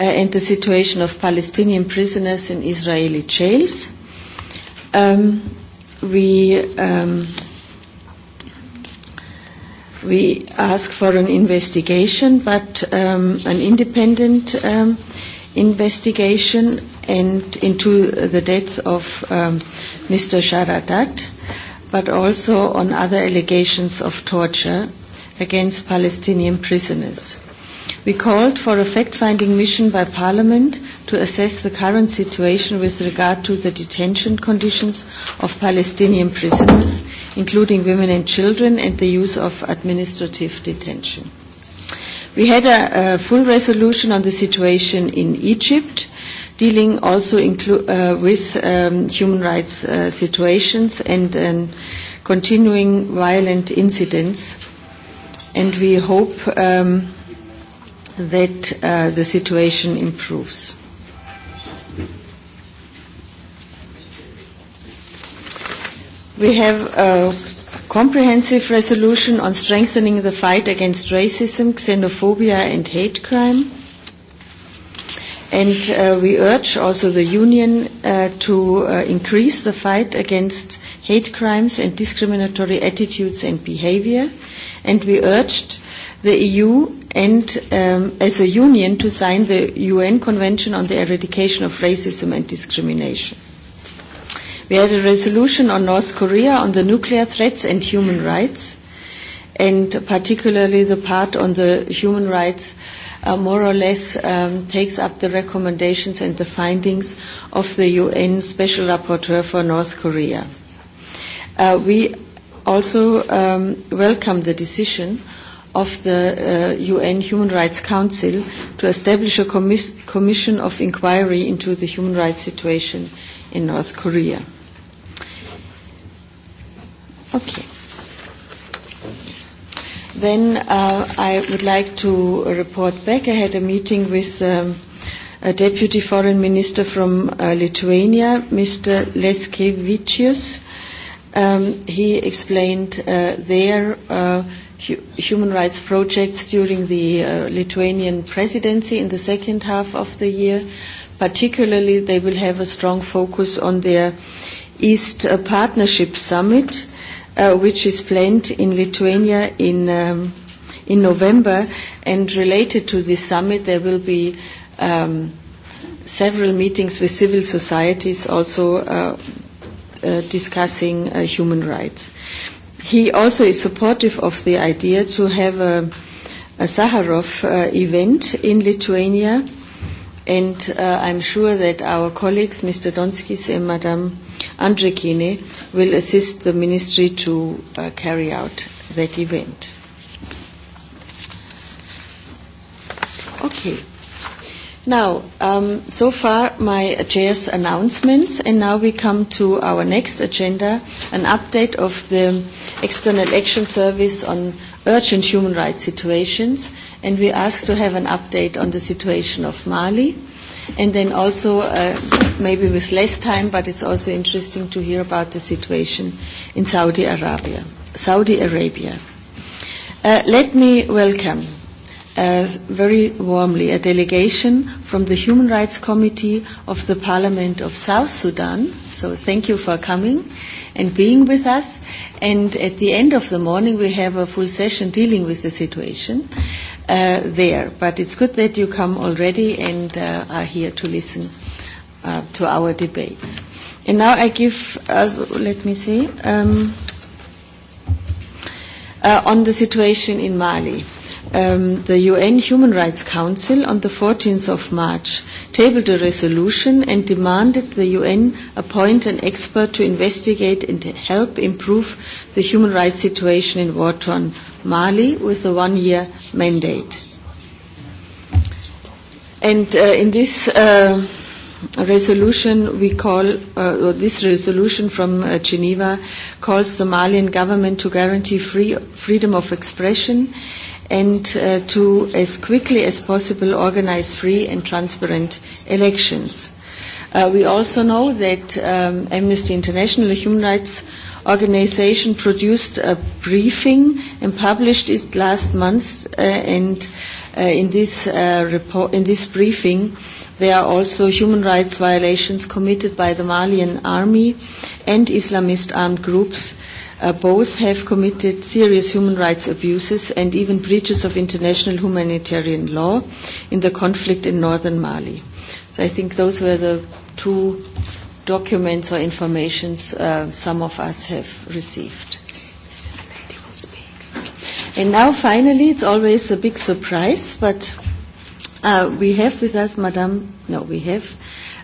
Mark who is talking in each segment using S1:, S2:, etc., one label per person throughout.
S1: and the situation of Palestinian prisoners in Israeli jails. We we ask for an investigation, but an independent investigation and into the death of Mr. Sharadat, but also on other allegations of torture against Palestinian prisoners. We called for a fact-finding mission by Parliament to assess the current situation with regard to the detention conditions of Palestinian prisoners, including women and children, and the use of administrative detention. We had a full resolution on the situation in Egypt, dealing also with human rights situations and continuing violent incidents. And we hope that the situation improves. We have a comprehensive resolution on strengthening the fight against racism, xenophobia and hate crime. And we urge also the Union to increase the fight against hate crimes and discriminatory attitudes and behavior. And we urged the EU and as a union to sign the UN Convention on the Eradication of Racism and Discrimination. We had a resolution on North Korea on the nuclear threats and human rights, and particularly the part on the human rights more or less takes up the recommendations and the findings of the UN Special Rapporteur for North Korea. We also welcome the decision of the UN Human Rights Council to establish a commission of inquiry into the human rights situation in North Korea. Okay. Then I would like to report back. I had a meeting with a Deputy Foreign Minister from Lithuania, Mr. Leskevicius. He explained there human rights projects during the Lithuanian presidency in the second half of the year. Particularly, they will have a strong focus on their East Partnership Summit, which is planned in Lithuania in in November. And related to this summit, there will be several meetings with civil societies also discussing human rights. He also is supportive of the idea to have a Saharov event in Lithuania, and I'm sure that our colleagues, Mr. Donskis and Madame Andrekine, will assist the Ministry to carry out that event. Okay. Now, so far my chair's announcements, and now we come to our next agenda, an update of the External Action Service on urgent human rights situations, and we ask to have an update on the situation of Mali, and then also, maybe with less time, but it's also interesting to hear about the situation in Saudi Arabia. Saudi Arabia. Let me welcome very warmly a delegation from the Human Rights Committee of the Parliament of South Sudan. So thank you for coming and being with us. And at the end of the morning we have a full session dealing with the situation there. But it's good that you come already and are here to listen to our debates. And now I give, let me see, on the situation in Mali the UN Human Rights Council on the 14th of March tabled a resolution and demanded the UN appoint an expert to investigate and help improve the human rights situation in war-torn Mali with a one-year mandate. And in this resolution we call, this resolution from Geneva calls the Malian government to guarantee free freedom of expression and to, as quickly as possible, organize free and transparent elections. We also know that Amnesty International, a human rights organization, produced a briefing and published it last month. And in this report, in this briefing, there are also human rights violations committed by the Malian army and Islamist armed groups both have committed serious human rights abuses and even breaches of international humanitarian law in the conflict in northern Mali. So I think those were the two documents or informations some of us have received. And now finally, it's always a big surprise, but we have with us Madame, no, we have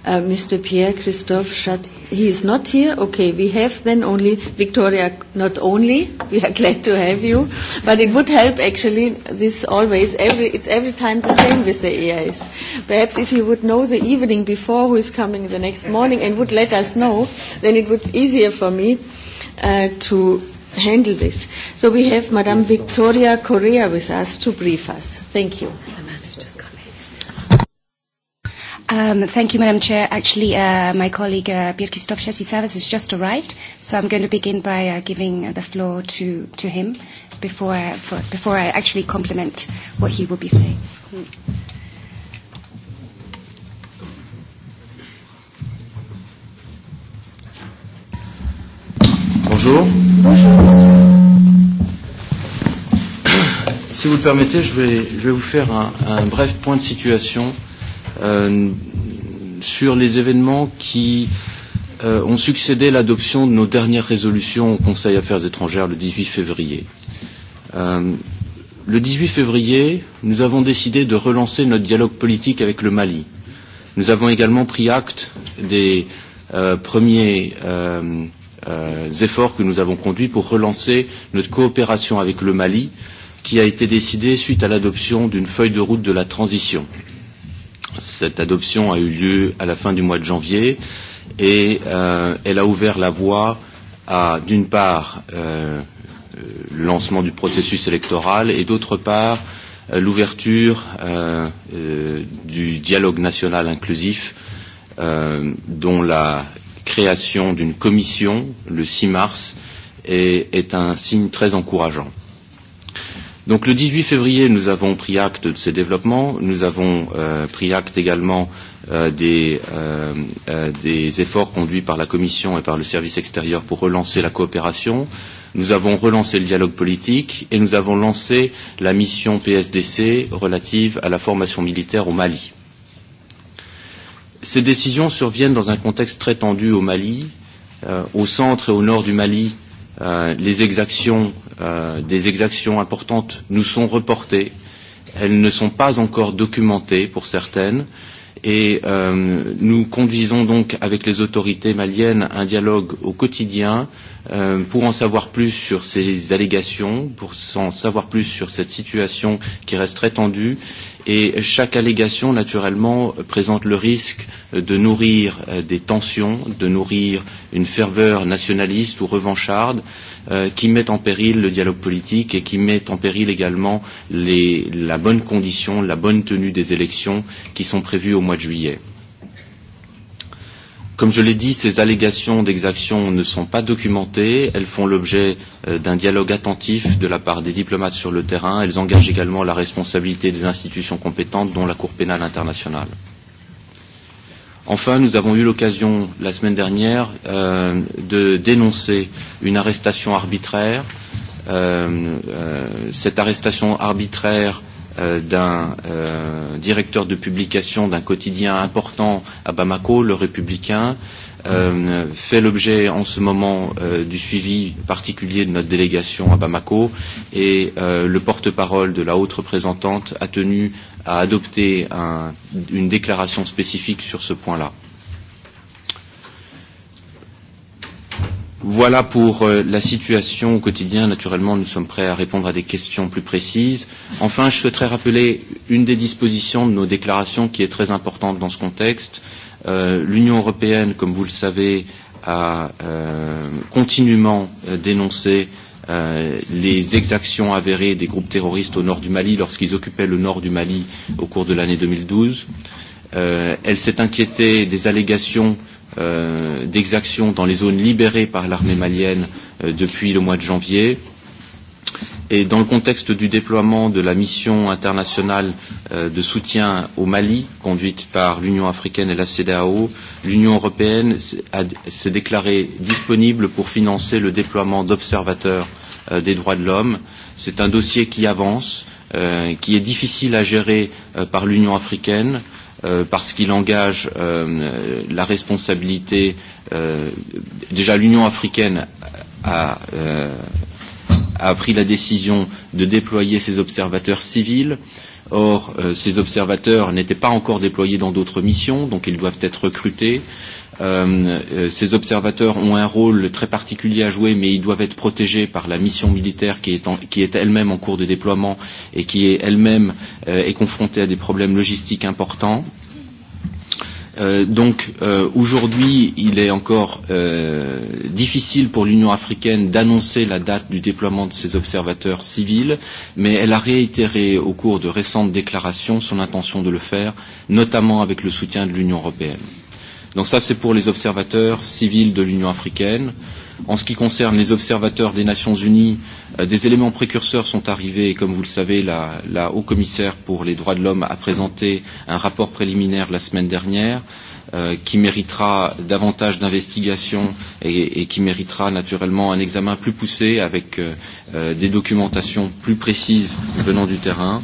S1: Mr. Pierre Christophe Chat. He is not here. Okay, we have then only Victoria. Not only we are glad to have you, but it would help actually. This always every it's every time the same with the EIS. Perhaps if you would know the evening before who is coming the next morning and would let us know, then it would be easier for me to handle this. So we have Madame
S2: Victoria Correa with us to brief us. Thank you. Um, Thank you, Madam Chair. Actually, my colleague Birkistov Shasitsavas has just arrived, so I'm going to begin by giving the floor to to him before before I actually compliment what he will be saying.
S3: Bonjour. Bonjour. Si vous le permettez, je vais je vais vous faire un un bref point de situation sur les événements qui ont succédé l'adoption de nos dernières résolutions au Conseil Affaires étrangères le 18 février. Le 18 février, nous avons décidé de relancer notre dialogue politique avec le Mali. Nous avons également pris acte des premiers efforts que nous avons conduits pour relancer notre coopération avec le Mali, qui a été décidée suite à l'adoption d'une feuille de route de la transition Cette adoption a eu lieu à la fin du mois de janvier et elle a ouvert la voie à, d'une part, le lancement du processus électoral et, d'autre part, l'ouverture du dialogue national inclusif dont la création d'une commission le 6 mars est un signe très encourageant. Donc le 18 février, nous avons pris acte de ces développements. Nous avons pris acte également des des efforts conduits par la Commission et par le service extérieur pour relancer la coopération. Nous avons relancé le dialogue politique et nous avons lancé la mission PSDC relative à la formation militaire au Mali. Ces décisions surviennent dans un contexte très tendu au Mali. Au centre et au nord du Mali, les exactions des exactions importantes nous sont reportées elles ne sont pas encore documentées pour certaines et nous conduisons donc avec les autorités maliennes un dialogue au quotidien pour en savoir plus sur ces allégations pour en savoir plus sur cette situation qui reste très tendue et chaque allégation naturellement présente le risque de nourrir des tensions, de nourrir une ferveur nationaliste ou revancharde qui met en péril le dialogue politique et qui met en péril également les la bonne condition, la bonne tenue des élections qui sont prévues au mois de juillet. Comme je l'ai dit, ces allégations d'exaction ne sont pas documentées. Elles font l'objet d'un dialogue attentif de la part des diplomates sur le terrain. Elles engagent également la responsabilité des institutions compétentes, dont la Cour pénale internationale. Enfin, nous avons eu l'occasion, la semaine dernière, de dénoncer une arrestation arbitraire. Cette arrestation arbitraire d'un directeur de publication d'un quotidien important à Bamako, le Républicain, fait l'objet en ce moment du suivi particulier de notre délégation à Bamako et le porte-parole de la haute représentante a tenu à adopter une déclaration spécifique sur ce point-là. Voilà pour la situation au quotidien. Naturellement, nous sommes prêts à répondre à des questions plus précises. Enfin, je souhaiterais rappeler une des dispositions de nos déclarations qui est très importante dans ce contexte. L'Union européenne, comme vous le savez, a continuellement dénoncé les exactions avérées des groupes terroristes au nord du Mali lorsqu'ils occupaient le nord du Mali au cours de l'année 2012. Elle s'est inquiétée des allégations d'exactions dans les zones libérées par l'armée malienne depuis le mois de janvier. Et dans le contexte du déploiement de la mission internationale de soutien au Mali, conduite par l'Union africaine et la CDAO, l'Union européenne s'est déclarée disponible pour financer le déploiement d'observateurs des droits de l'homme. C'est un dossier qui avance, qui est difficile à gérer par l'Union africaine parce qu'il engage la responsabilité déjà l'Union africaine a a pris la décision de déployer ses observateurs civils or ces observateurs n'étaient pas encore déployés dans d'autres missions donc ils doivent être recrutés Ces observateurs ont un rôle très particulier à jouer, mais ils doivent être protégés par la mission militaire qui est elle-même en cours de déploiement et qui est elle-même est confrontée à des problèmes logistiques importants. Donc aujourd'hui, il est encore difficile pour l'Union africaine d'annoncer la date du déploiement de ses observateurs civils, mais elle a réitéré au cours de récentes déclarations son intention de le faire, notamment avec le soutien de l'Union européenne. Donc ça, c'est pour les observateurs civils de l'Union africaine. En ce qui concerne les observateurs des Nations Unies, des éléments précurseurs sont arrivés et comme vous le savez, la, la haut commissaire pour les droits de l'homme a présenté un rapport préliminaire la semaine dernière qui méritera davantage d'investigations et qui méritera naturellement un examen plus poussé avec des documentations plus précises venant du terrain.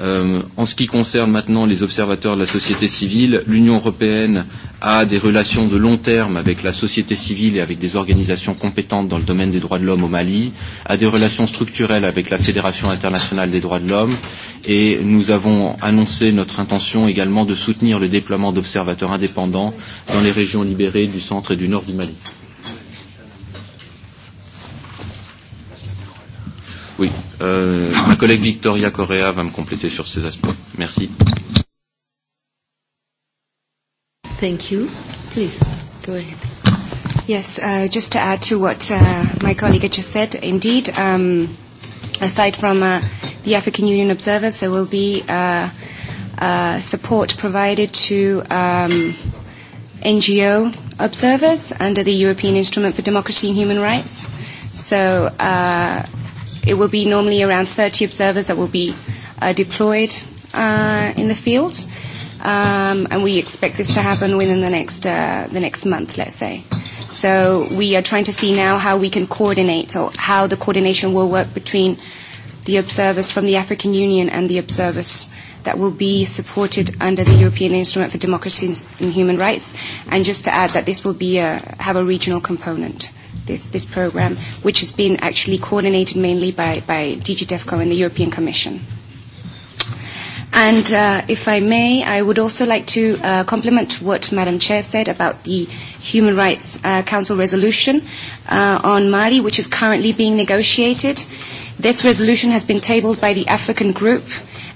S3: En ce qui concerne maintenant les observateurs de la société civile, l'Union européenne à des relations de long terme avec la société civile et avec des organisations compétentes dans le domaine des droits de l'homme au Mali, à des relations structurelles avec la Fédération internationale des droits de l'homme et nous avons annoncé notre intention également de soutenir le déploiement d'observateurs indépendants dans les régions libérées du centre et du nord du Mali. Oui, ma collègue Victoria Correa va me compléter sur ces aspects. Merci.
S2: Thank you. Please, go ahead. Yes, just to add to what my colleague just said, indeed, aside from the African Union observers, there will be support provided to NGO observers under the European Instrument for Democracy and Human Rights. So it will be normally around 30 observers that will be deployed in the field and we expect this to happen within the next the next month, let's say. So we are trying to see now how we can coordinate or how the coordination will work between the observers from the African Union and the observers that will be supported under the European Instrument for Democracy and Human Rights. And just to add that this will be have a regional component this this program, which has been actually coordinated mainly by by DG DEFCO and the European Commission. And if I may, I would also like to compliment what Madam Chair said about the Human Rights Council resolution on Mali, which is currently being negotiated. This resolution has been tabled by the African Group,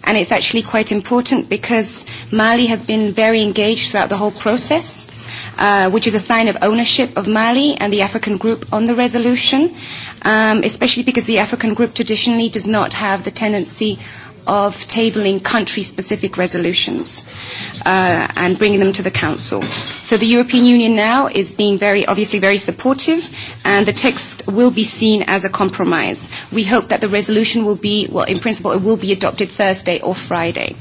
S2: and it's actually quite important because Mali has been very engaged throughout the whole process, which is a sign of ownership of Mali and the African Group on the resolution, especially because the African Group traditionally does not have the tendency of tabling country-specific resolutions and bringing them to the Council. So the European Union now is being very, obviously very supportive, and the text will be seen as a compromise. We hope that the resolution will be, well, in principle, it will be adopted Thursday or Friday.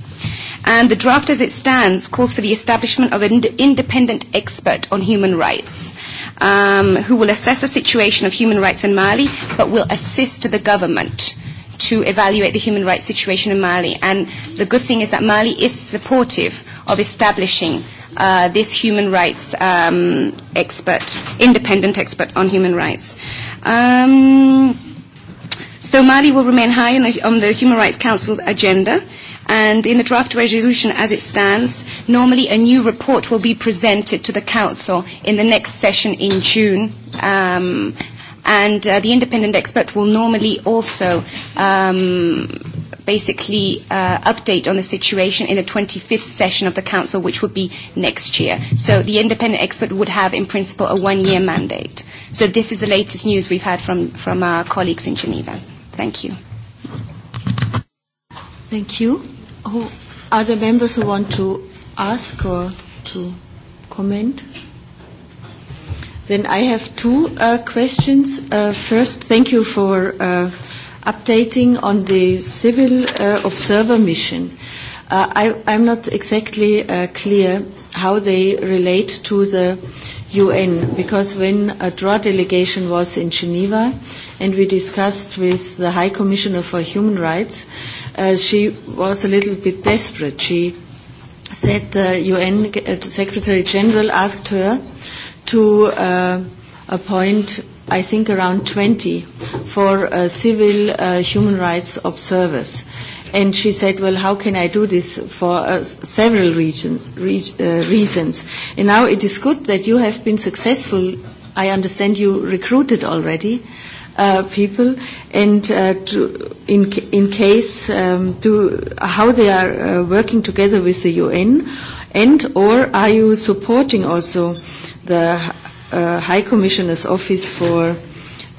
S2: And the draft as it stands calls for the establishment of an independent expert on human rights who will assess the situation of human rights in Mali but will assist the government to evaluate the human rights situation in Mali. And the good thing is that Mali is supportive of establishing this human rights expert, independent expert on human rights. So Mali will remain high on the Human Rights Council's agenda. And in the draft resolution as it stands, normally a new report will be presented to the Council in the next session in June and the independent expert will normally also basically update on the situation in the 25th session of the council which would be next year so the independent expert would have in principle a one year mandate so this is the latest news we've had from our colleagues in geneva thank you
S1: thank you who are there members who want to ask or to comment Then I have two questions. First, thank you for updating on the civil observer mission. I I'm not exactly clear how they relate to the UN, because when a draw delegation was in Geneva and we discussed with the High Commissioner for Human Rights, she was a little bit desperate. She said the UN Secretary General asked her to appoint, I think, around 20 for civil human rights observers. And she said, well, how can I do this for several reasons. And now it is good that you have been successful. I understand you recruited already people and in case to how they are working together with the UN and or are you supporting also the High Commissioner's Office for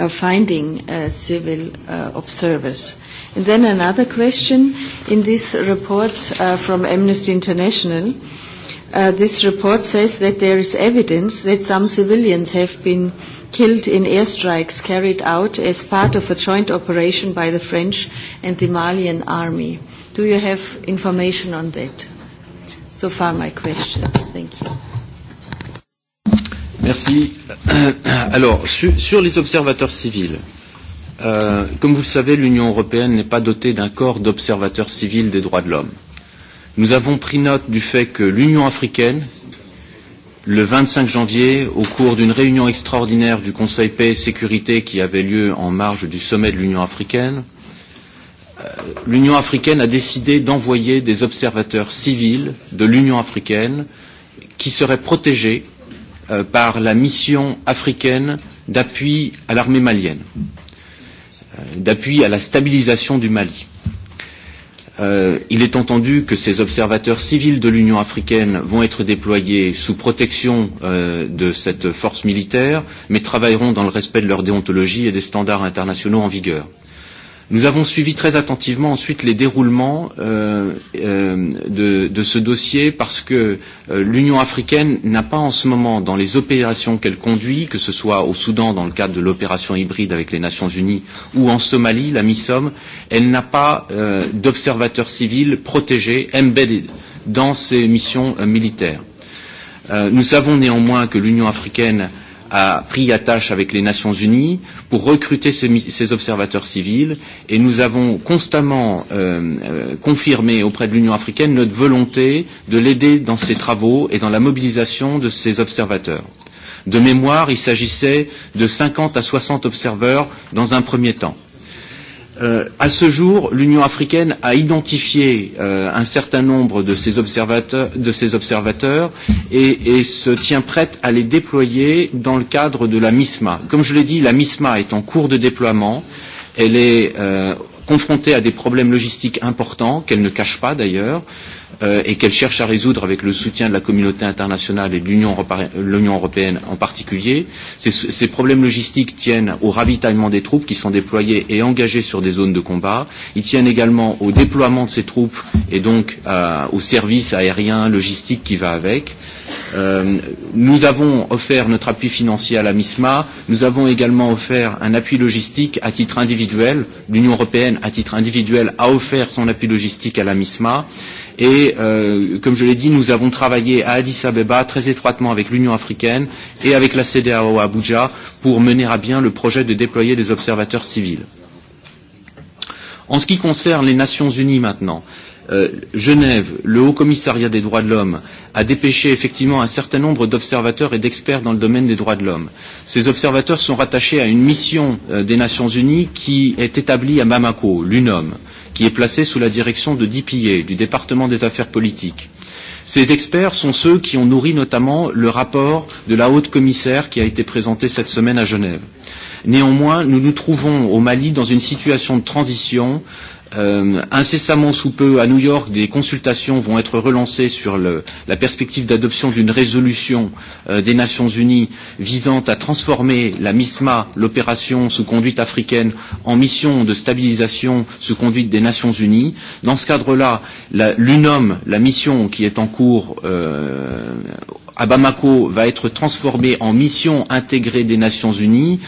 S1: finding civil observers. And then another question in this report from Amnesty International. This report says that there is evidence that some civilians have been killed in airstrikes carried out as part of a joint operation by the French and the Malian army. Do you have information on that? So far my questions. Thank you.
S3: Merci. Alors, sur les observateurs civils, comme vous le savez, l'Union européenne n'est pas dotée d'un corps d'observateurs civils des droits de l'homme. Nous avons pris note du fait que l'Union africaine, le 25 janvier, au cours d'une réunion extraordinaire du Conseil paix et sécurité qui avait lieu en marge du sommet de l'Union africaine, l'Union africaine a décidé d'envoyer des observateurs civils de l'Union africaine qui seraient protégés par la mission africaine d'appui à l'armée malienne, d'appui à la stabilisation du Mali. Il est entendu que ces observateurs civils de l'Union africaine vont être déployés sous protection de cette force militaire, mais travailleront dans le respect de leur déontologie et des standards internationaux en vigueur. Nous avons suivi très attentivement ensuite les déroulements de ce dossier parce que l'Union africaine n'a pas en ce moment, dans les opérations qu'elle conduit, que ce soit au Soudan dans le cadre de l'opération hybride avec les Nations Unies ou en Somalie, la MISOM, elle n'a pas d'observateurs civils protégés, embedded, dans ses missions militaires. Nous savons néanmoins que l'Union africaine a pris attache avec les Nations Unies pour recruter ces observateurs civils et nous avons constamment confirmé auprès de l'Union africaine notre volonté de l'aider dans ses travaux et dans la mobilisation de ces observateurs. De mémoire, il s'agissait de 50 à 60 observeurs dans un premier temps. À ce jour, l'Union africaine a identifié un certain nombre de ses observateurs de ses observateurs et se tient prête à les déployer dans le cadre de la MISMA. Comme je l'ai dit, la MISMA est en cours de déploiement. Elle est confrontée à des problèmes logistiques importants, qu'elle ne cache pas d'ailleurs et qu'elle cherche à résoudre avec le soutien de la communauté internationale et de l'Union européenne en particulier. Ces problèmes logistiques tiennent au ravitaillement des troupes qui sont déployées et engagées sur des zones de combat. Ils tiennent également au déploiement de ces troupes et donc au service aérien logistique qui va avec. Nous avons offert notre appui financier à la MISMA, nous avons également offert un appui logistique à titre individuel. L'Union européenne, à titre individuel, a offert son appui logistique à la MISMA. Et comme je l'ai dit, nous avons travaillé à Addis Abeba très étroitement avec l'Union africaine et avec la CDAO à Abuja pour mener à bien le projet de déployer des observateurs civils. En ce qui concerne les Nations unies maintenant, Genève, le Haut Commissariat des droits de l'homme a dépêché effectivement un certain nombre d'observateurs et d'experts dans le domaine des droits de l'homme. Ces observateurs sont rattachés à une mission des Nations Unies qui est établie à Bamako, l'UNOM, qui est placée sous la direction de DPA, du département des affaires politiques. Ces experts sont ceux qui ont nourri notamment le rapport de la haute commissaire qui a été présenté cette semaine à Genève. Néanmoins, nous nous trouvons au Mali dans une situation de transition Incessamment sous peu, à New York, des consultations vont être relancées sur la perspective d'adoption d'une résolution des Nations Unies visant à transformer la MISMA, l'opération sous conduite africaine, en mission de stabilisation sous conduite des Nations Unies. Dans ce cadre-là, l'UNOM, la mission qui est en cours euh, à Bamako, va être transformée en mission intégrée des Nations Unies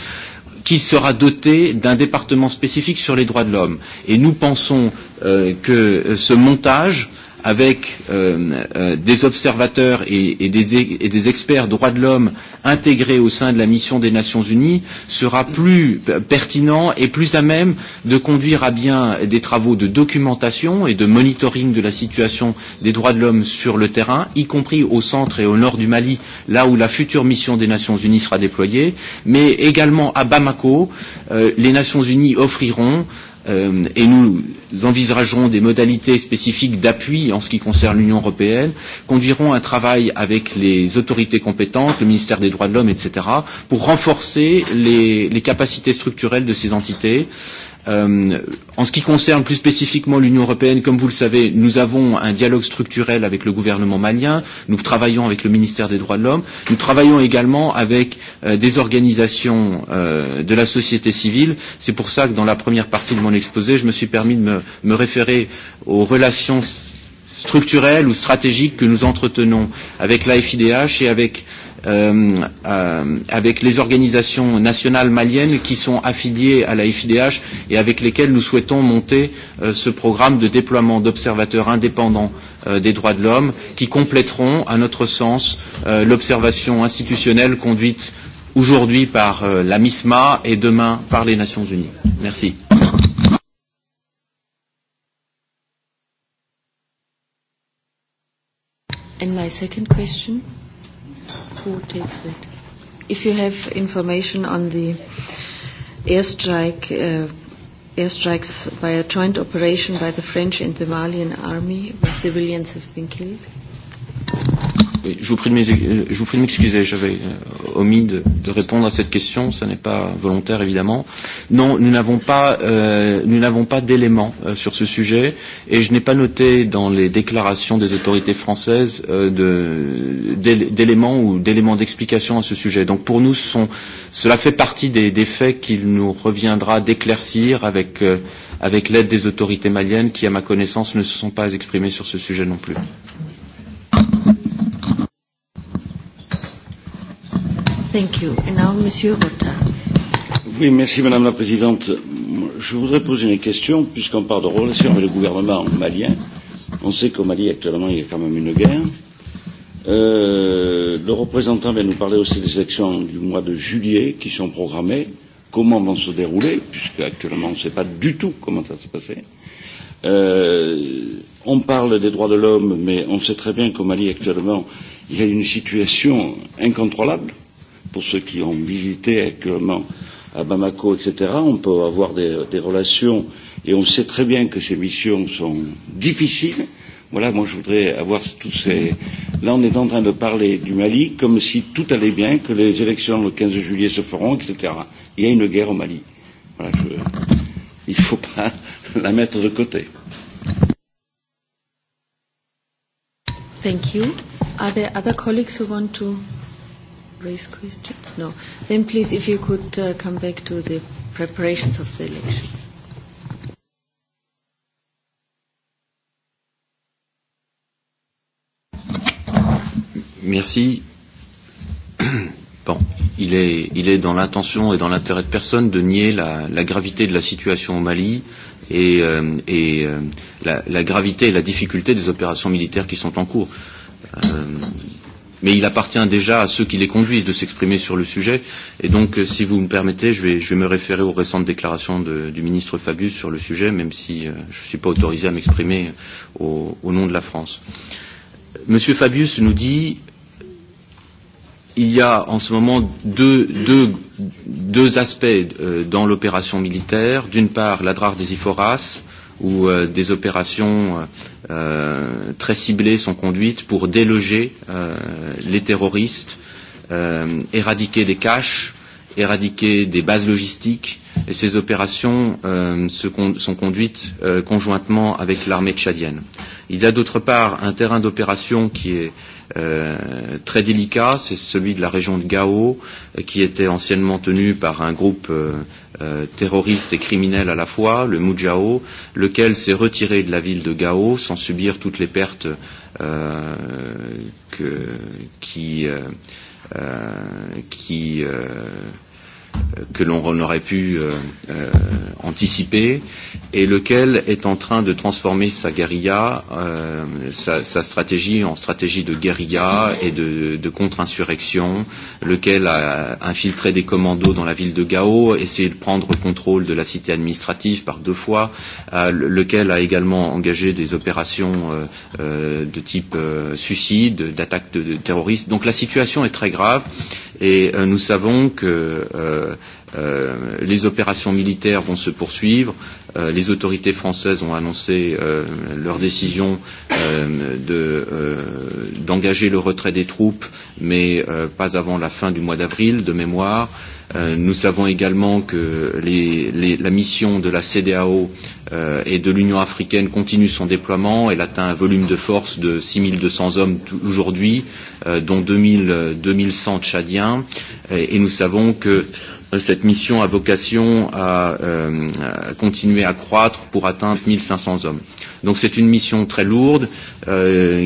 S3: qui sera doté d'un département spécifique sur les droits de l'homme. Et nous pensons que ce montage avec des observateurs et et, des et des experts droits de l'homme intégrés au sein de la mission des Nations Unies sera plus pertinent et plus à même de conduire à bien des travaux de documentation et de monitoring de la situation des droits de l'homme sur le terrain, y compris au centre et au nord du Mali, là où la future mission des Nations Unies sera déployée, mais également à Bamako, les Nations Unies offriront et nous envisagerons des modalités spécifiques d'appui en ce qui concerne l'Union européenne, conduirons un travail avec les autorités compétentes, le ministère des droits de l'homme, etc., pour renforcer les capacités structurelles de ces entités En ce qui concerne plus spécifiquement l'Union européenne, comme vous le savez, nous avons un dialogue structurel avec le gouvernement malien, nous travaillons avec le ministère des droits de l'homme, nous travaillons également avec des organisations de la société civile. C'est pour ça que dans la première partie de mon exposé, je me suis permis de me référer aux relations structurelles ou stratégiques que nous entretenons avec l'AFIDH et avec avec les organisations nationales maliennes qui sont affiliées à la FIDH et avec lesquelles nous souhaitons monter ce programme de déploiement d'observateurs indépendants des droits de l'homme qui compléteront, à notre sens, l'observation institutionnelle conduite aujourd'hui par la MISMA et demain par les Nations Unies. Merci.
S1: And my second question who takes If you have information on the airstrike, airstrikes by a joint operation by the French and the Malian army, where civilians have been killed.
S3: Je vous prie de m'excuser, j'avais omis de répondre à cette question, ce n'est pas volontaire évidemment. Non, nous n'avons pas d'éléments sur ce sujet et je n'ai pas noté dans les déclarations des autorités françaises d'éléments ou d'éléments d'explication à ce sujet. Donc pour nous, cela fait partie des faits qu'il nous reviendra d'éclaircir avec l'aide des autorités maliennes qui, à ma connaissance, ne se sont pas exprimées sur ce sujet non plus.
S1: Thank you. Monsieur
S4: Oui, merci Madame la Présidente. Je voudrais poser une question, puisqu'on parle de relations avec le gouvernement malien. On sait qu'au Mali, actuellement, il y a quand même une guerre. le représentant vient nous parler aussi des élections du mois de juillet qui sont programmées. Comment vont se dérouler, puisque actuellement, on ne sait pas du tout comment ça se passer. on parle des droits de l'homme, mais on sait très bien qu'au Mali, actuellement, il y a une situation incontrôlable pour ceux qui ont visité actuellement à Bamako, etc., on peut avoir des relations et on sait très bien que ces missions sont difficiles. Voilà, moi je voudrais avoir tous ces... Là on est en train de parler du Mali comme si tout allait bien, que les élections le 15 juillet se feront, etc. Il y a une guerre au Mali. Voilà, je... Il ne faut pas la mettre de côté.
S1: Thank you. Are other colleagues who want to raise questions? No. Then please, if you could come back to the preparations of the elections.
S3: Merci. Bon, il est, il est dans l'intention et dans l'intérêt de personne de nier la, la gravité de la situation au Mali et, et la, la gravité et la difficulté des opérations militaires qui sont en cours. Euh, mais il appartient déjà à ceux qui les conduisent de s'exprimer sur le sujet. Et donc, si vous me permettez, je vais, je vais me référer aux récentes déclarations du ministre Fabius sur le sujet, même si je ne suis pas autorisé à m'exprimer au, nom de la France. Monsieur Fabius nous dit il y a en ce moment deux, deux, deux aspects dans l'opération militaire. D'une part, la drare des Iphoras, où des opérations très ciblées sont conduites pour déloger les terroristes, éradiquer des caches, éradiquer des bases logistiques. Et ces opérations sont conduites conjointement avec l'armée tchadienne. Il y a d'autre part un terrain d'opération qui est très délicat, c'est celui de la région de Gao, qui était anciennement tenu par un groupe terroriste et criminels à la fois, le Mujao, lequel s'est retiré de la ville de Gao sans subir toutes les pertes qui que l'on aurait pu anticiper et lequel est en train de transformer sa guérilla, sa stratégie en stratégie de guérilla et de contre-insurrection, lequel a infiltré des commandos dans la ville de Gao, essayé de prendre contrôle de la cité administrative par deux fois, lequel a également engagé des opérations de type suicide, de terroristes. Donc la situation est très grave et nous savons que les opérations militaires vont se poursuivre. Les autorités françaises ont annoncé leur décision d'engager le retrait des troupes, mais pas avant la fin du mois d'avril, de mémoire. Nous savons également que la mission de la CDAO et de l'Union africaine continue son déploiement. Elle atteint un volume de force de 6200 hommes aujourd'hui dont 2100 Tchadiens, et nous savons que cette mission a vocation à continuer à croître pour atteindre 1500 hommes. Donc c'est une mission très lourde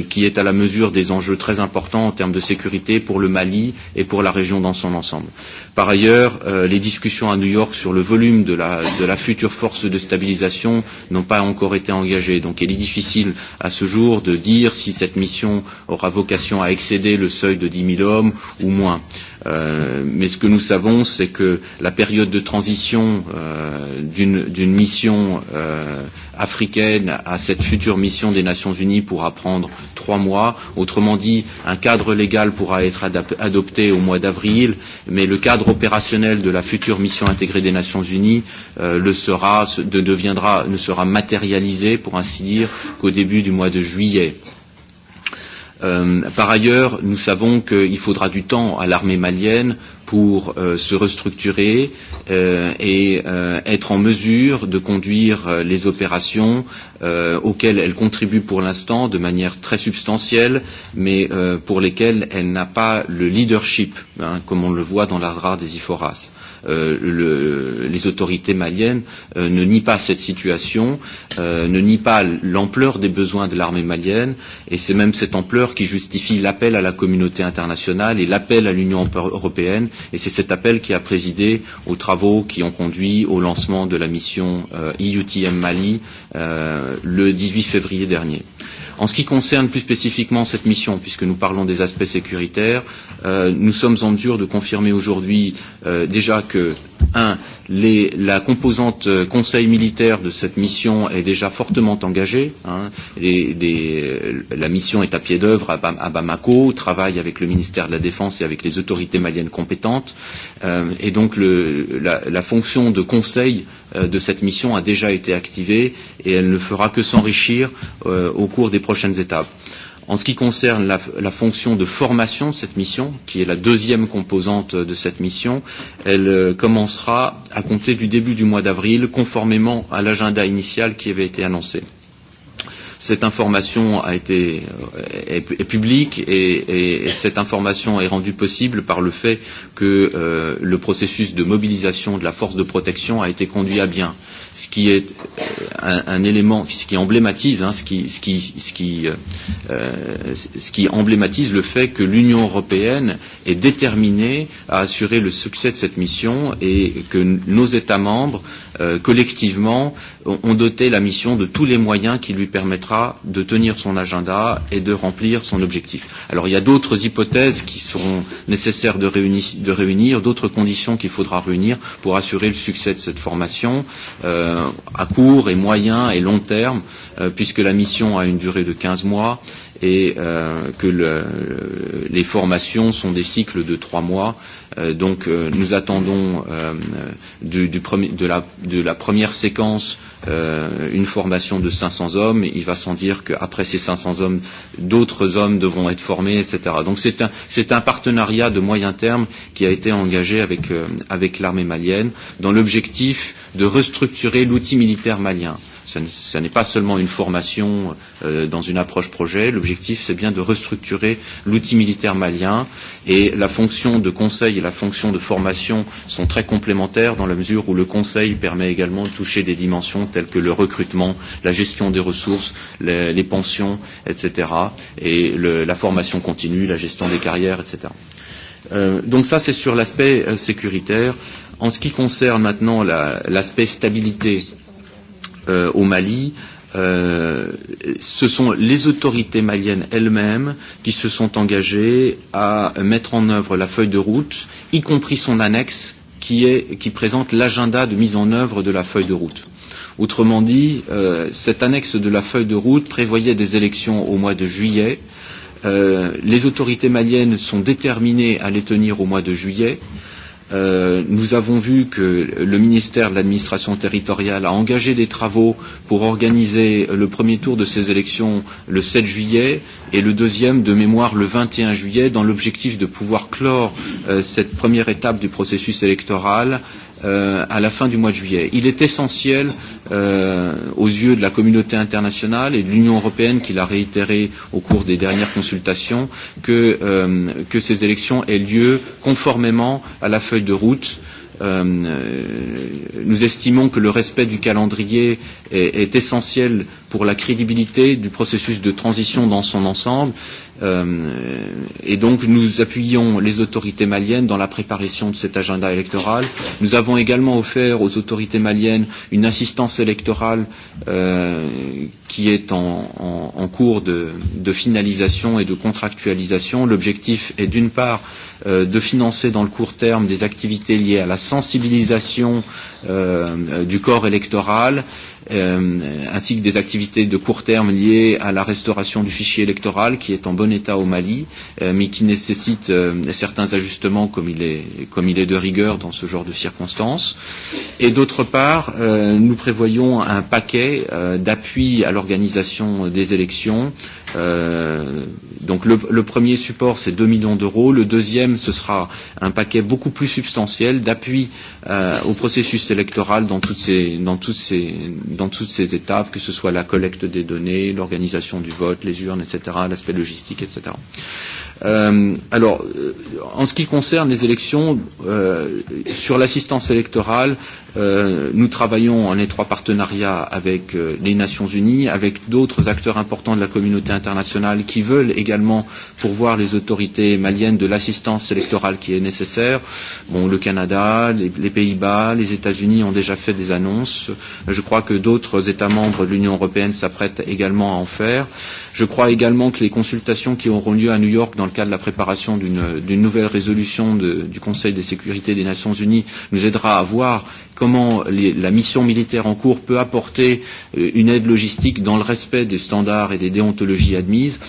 S3: qui est à la mesure des enjeux très importants en termes de sécurité pour le Mali et pour la région dans son ensemble. Par ailleurs, les discussions à New York sur le volume de la future force de stabilisation n'ont pas encore été engagées. Donc il est difficile à ce jour de dire si cette mission aura vocation à excéder le seuil de 10 000 hommes ou moins. Mais ce que nous savons, c'est que la période de transition d'une mission africaine à cette future mission des Nations Unies pourra prendre trois mois. Autrement dit, un cadre légal pourra être adopté au mois d'avril, mais le cadre opérationnel de la future mission intégrée des Nations Unies le sera, deviendra, ne sera matérialisé, pour ainsi dire, qu'au début du mois de juillet Par ailleurs, nous savons qu'il faudra du temps à l'armée malienne pour se restructurer et être en mesure de conduire les opérations auxquelles elle contribue pour l'instant de manière très substantielle, mais pour lesquelles elle n'a pas le leadership, comme on le voit dans l'Ardra des IFORAS les autorités maliennes ne nient pas cette situation, ne nient pas l'ampleur des besoins de l'armée malienne, et c'est même cette ampleur qui justifie l'appel à la communauté internationale et l'appel à l'Union européenne, et c'est cet appel qui a présidé aux travaux qui ont conduit au lancement de la mission EUTM Mali le 18 février dernier. En ce qui concerne plus spécifiquement cette mission, puisque nous parlons des aspects sécuritaires, nous sommes en mesure de confirmer aujourd'hui déjà que, un, la composante conseil militaire de cette mission est déjà fortement engagée. La mission est à pied d'œuvre à Bamako, travaille avec le ministère de la Défense et avec les autorités maliennes compétentes. Et donc la fonction de conseil de cette mission a déjà été activée et elle ne fera que s'enrichir au cours des prochaines étapes. En ce qui concerne la fonction de formation de cette mission, qui est la deuxième composante de cette mission, elle commencera à compter du début du mois d'avril, conformément à l'agenda initial qui avait été annoncé. Cette information a été, est, publique et, et, cette information est rendue possible par le fait que le processus de mobilisation de la force de protection a été conduit à bien. Ce qui est un, élément, ce qui emblématise, ce, qui, ce, qui, ce, qui, ce qui emblématise le fait que l'Union européenne est déterminée à assurer le succès de cette mission et que nos États membres collectivement, ont doté la mission de tous les moyens qui lui permettra de tenir son agenda et de remplir son objectif. Alors il y a d'autres hypothèses qui seront nécessaires de réunir, d'autres conditions qu'il faudra réunir pour assurer le succès de cette formation à court et moyen et long terme, puisque la mission a une durée de 15 mois et que les formations sont des cycles de trois mois Donc nous attendons de la première séquence une formation de 500 hommes. Il va sans dire qu'après ces 500 hommes, d'autres hommes devront être formés, etc. Donc c'est un partenariat de moyen terme qui a été engagé avec l'armée malienne dans l'objectif de restructurer l'outil militaire malien Ce n'est pas seulement une formation dans une approche projet. L'objectif, c'est bien de restructurer l'outil militaire malien. Et la fonction de conseil et la fonction de formation sont très complémentaires dans la mesure où le conseil permet également de toucher des dimensions telles que le recrutement, la gestion des ressources, les pensions, etc. Et la formation continue, la gestion des carrières, etc. Donc ça, c'est sur l'aspect sécuritaire. En ce qui concerne maintenant l'aspect stabilité au Mali, ce sont les autorités maliennes elles-mêmes qui se sont engagées à mettre en œuvre la feuille de route, y compris son annexe qui est qui présente l'agenda de mise en œuvre de la feuille de route. Autrement dit, cette annexe de la feuille de route prévoyait des élections au mois de juillet. Les autorités maliennes sont déterminées à les tenir au mois de juillet. Nous avons vu que le ministère de l'administration territoriale a engagé des travaux pour organiser le premier tour de ces élections le 7 juillet et le deuxième de mémoire le 21 juillet dans l'objectif de pouvoir clore cette première étape du processus électoral à la fin du mois de juillet. Il est essentiel aux yeux de la communauté internationale et de l'Union européenne, qui l'a réitéré au cours des dernières consultations, que ces élections aient lieu conformément à la feuille de route nous estimons que le respect du calendrier est essentiel pour la crédibilité du processus de transition dans son ensemble Et donc nous appuyons les autorités maliennes dans la préparation de cet agenda électoral. Nous avons également offert aux autorités maliennes une assistance électorale qui est en cours de finalisation et de contractualisation. L'objectif est d'une part de financer dans le court terme des activités liées à la sensibilisation du corps électoral euh, ainsi que des activités de court terme liées à la restauration du fichier électoral qui est en bon état au Mali, mais qui nécessite certains ajustements comme il est comme il est de rigueur dans ce genre de circonstances. Et d'autre part, nous prévoyons un paquet d'appui à l'organisation des élections donc le le premier support c'est 2 millions d'euros le deuxième ce sera un paquet beaucoup plus substantiel d'appui au processus électoral dans toutes ces dans toutes ces dans toutes ces étapes que ce soit la collecte des données l'organisation du vote les urnes etc l'aspect logistique etc alors en ce qui concerne les élections euh, sur l'assistance électorale Nous travaillons en étroit partenariat avec les Nations Unies, avec d'autres acteurs importants de la communauté internationale qui veulent également pourvoir les autorités maliennes de l'assistance électorale qui est nécessaire. Bon, le Canada, les Pays-Bas, les États-Unis ont déjà fait des annonces. Je crois que d'autres États membres de l'Union européenne s'apprêtent également à en faire. Je crois également que les consultations qui auront lieu à New York dans le cadre de la préparation d'une nouvelle résolution du Conseil de sécurité des Nations Unies nous aidera à voir comment la mission militaire en cours peut apporter une aide logistique dans le respect des standards et des déontologies admises.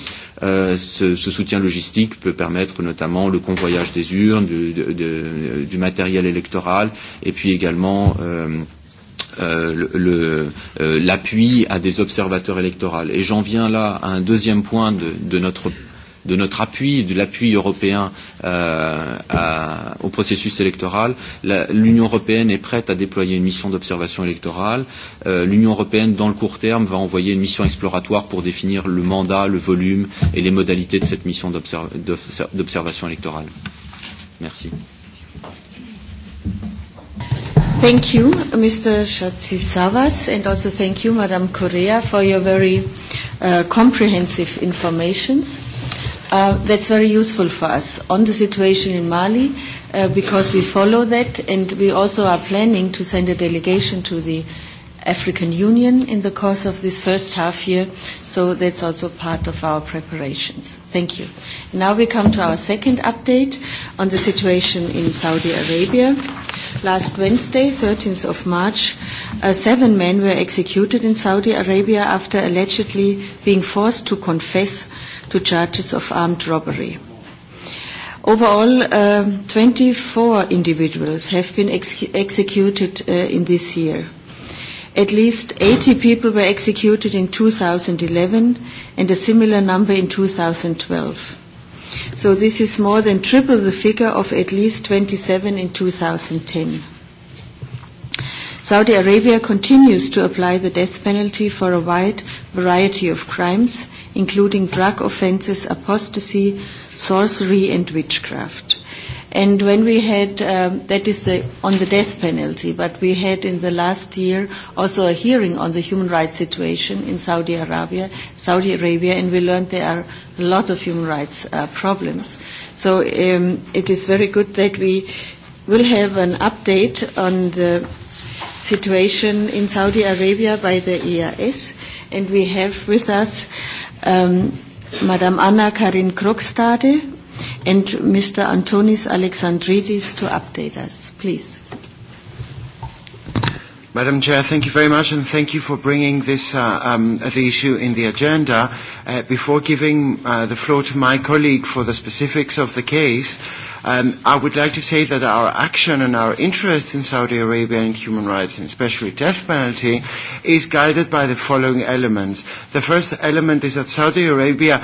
S3: Ce soutien logistique peut permettre notamment le convoyage des urnes, du matériel électoral et puis également l'appui à des observateurs électoraux. Et j'en viens là à un deuxième point de notre de notre appui, de l'appui européen au processus électoral, l'Union européenne est prête à déployer une mission d'observation électorale. L'Union européenne, dans le court terme, va envoyer une mission exploratoire pour définir le mandat, le volume et les modalités de cette mission d'observation électorale. Merci.
S1: Thank you, Mr. and also thank you, Madam Correa, for your very comprehensive informations. That's very useful for us on the situation in Mali, because we follow that, and we also are planning to send a delegation to the African Union in the course of this first half year, so that's also part of our preparations. Thank you. Now we come to our second update on the situation in Saudi Arabia. Last Wednesday, 13th of March, seven men were executed in Saudi Arabia after allegedly being forced to confess to charges of armed robbery. Overall, 24 individuals have been executed in this year. At least 80 people were executed in 2011 and a similar number in 2012. So this is more than triple the figure of at least 27 in 2010. Saudi Arabia continues to apply the death penalty for a wide variety of crimes, including drug offences, apostasy, sorcery and witchcraft. And when we had, that is on the death penalty, but we had in the last year also a hearing on the human rights situation in Saudi Arabia, Saudi Arabia, and we learned there are a lot of human rights problems. So it is very good that we will have an update on the situation in Saudi Arabia by the EAS and we have with us Madam Anna Karin Krogstade and Mr. Antonis Alexandridis to update us, please.
S5: Madam Chair, thank you very much, and thank you for bringing this the issue in the agenda. Before giving the floor to my colleague for the specifics of the case, I would like to say that our action and our interest in Saudi Arabia and human rights, and especially death penalty, is guided by the following elements. The first element is that Saudi Arabia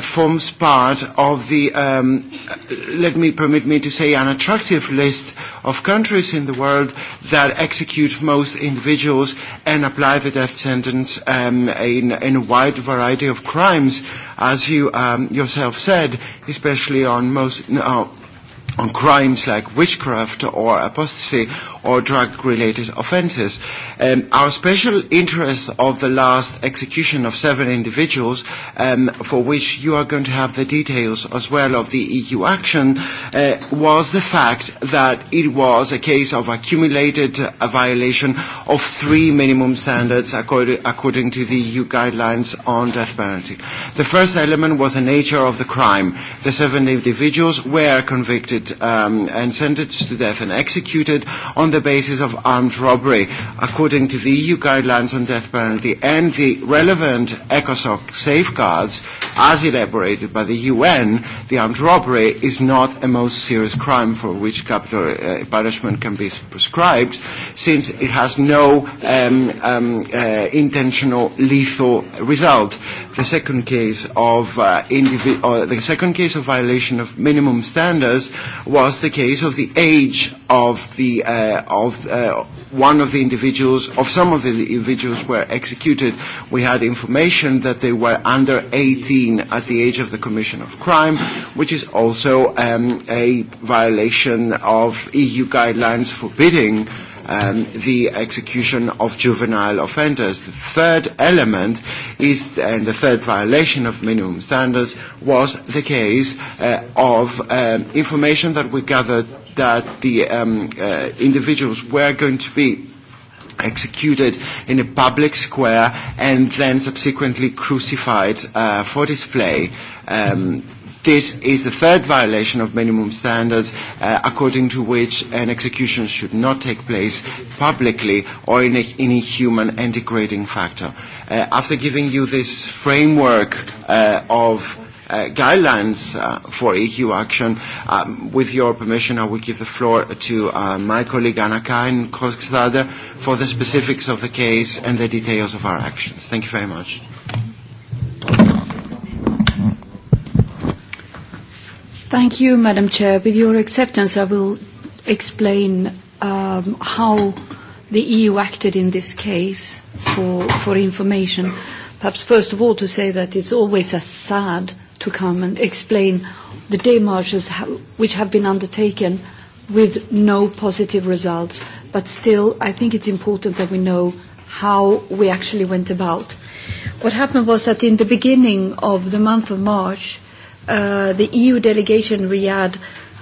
S5: forms part of the, let me permit me to say, an attractive list of countries in the world that execute most individuals and apply the death sentence in a wide variety of crimes, as you yourself said, especially on most on crimes like witchcraft or apostasy or drug-related offences. Our special interest of the last execution of seven individuals, for which you are going to have the details as well of the EU action, was the fact that it was a case of accumulated violation of three minimum standards according to the EU guidelines on death penalty. The first element was the nature of the crime. The seven individuals were convicted and sentenced to death and executed on the basis of armed robbery according to the EU guidelines on death penalty and the relevant ECOSOC safeguards as elaborated by the UN, the armed robbery is not a most serious crime for which capital punishment can be prescribed since it has no intentional lethal result. The second case of the second case of violation of minimum standards was the case of the age of the of one of the individuals of some of the individuals were executed we had information that they were under 18 at the age of the commission of crime which is also a violation of EU guidelines forbidding the execution of juvenile offenders. The third element is, and the third violation of minimum standards was the case of information that we gathered that the individuals were going to be executed in a public square and then subsequently crucified for display. This is the third violation of minimum standards according to which an execution should not take place publicly or in a human and degrading factor. After giving you this framework of guidelines for EU action. With your permission, I will give the floor to my colleague Anna Kain Kostade for the specifics of the case and the details of our actions. Thank you very much.
S6: Thank you, Madam Chair. With your acceptance, I will explain how the EU acted in this case for information. Perhaps first of all to say that it's always a sad to come and explain the day marches which have been undertaken with no positive results. But still, I think it's important that we know how we actually went about. What happened was that in the beginning of the month of March, the EU delegation Riyadh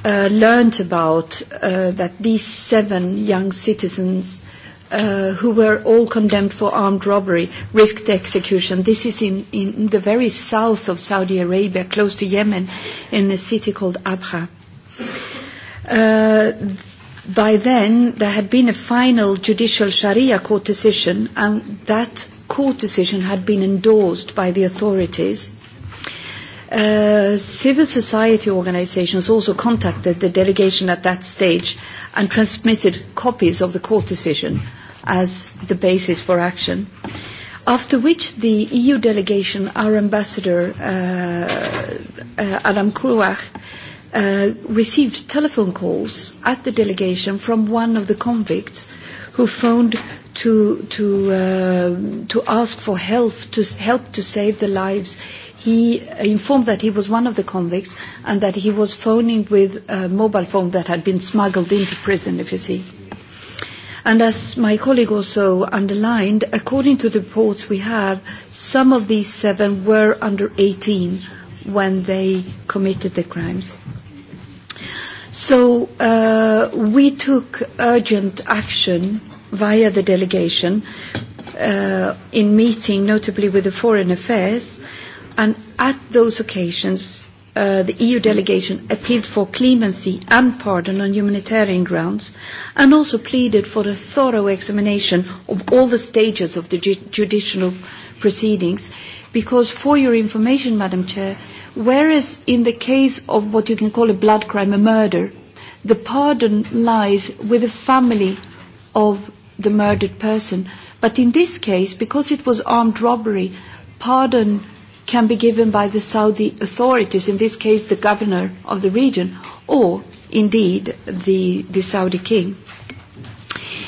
S6: learned about that these seven young citizens who were all condemned for armed robbery, risked execution. This is in the very south of Saudi Arabia, close to Yemen, in a city called Abha. By then, there had been a final judicial Sharia court decision, and that court decision had been endorsed by the authorities. Civil society organisations also contacted the delegation at that stage and transmitted copies of the court decision as the basis for action, after which the EU delegation, our ambassador Adam Kruach, received telephone calls at the delegation from one of the convicts who phoned to ask for help to save the lives he informed that he was one of the convicts and that he was phoning with a mobile phone that had been smuggled into prison, if you see. And as my colleague also underlined, according to the reports we have, some of these seven were under 18 when they committed the crimes. So we took urgent action via the delegation in meeting, notably with the Foreign Affairs, and at those occasions the EU delegation appealed for clemency and pardon on humanitarian grounds and also pleaded for a thorough examination of all the stages of the judicial proceedings because for your information, Madam Chair, whereas in the case of what you can call a blood crime, a murder, the pardon lies with the family of the murdered person. But in this case, because it was armed robbery, pardon can be given by the Saudi authorities, in this case the governor of the region, or indeed the Saudi king.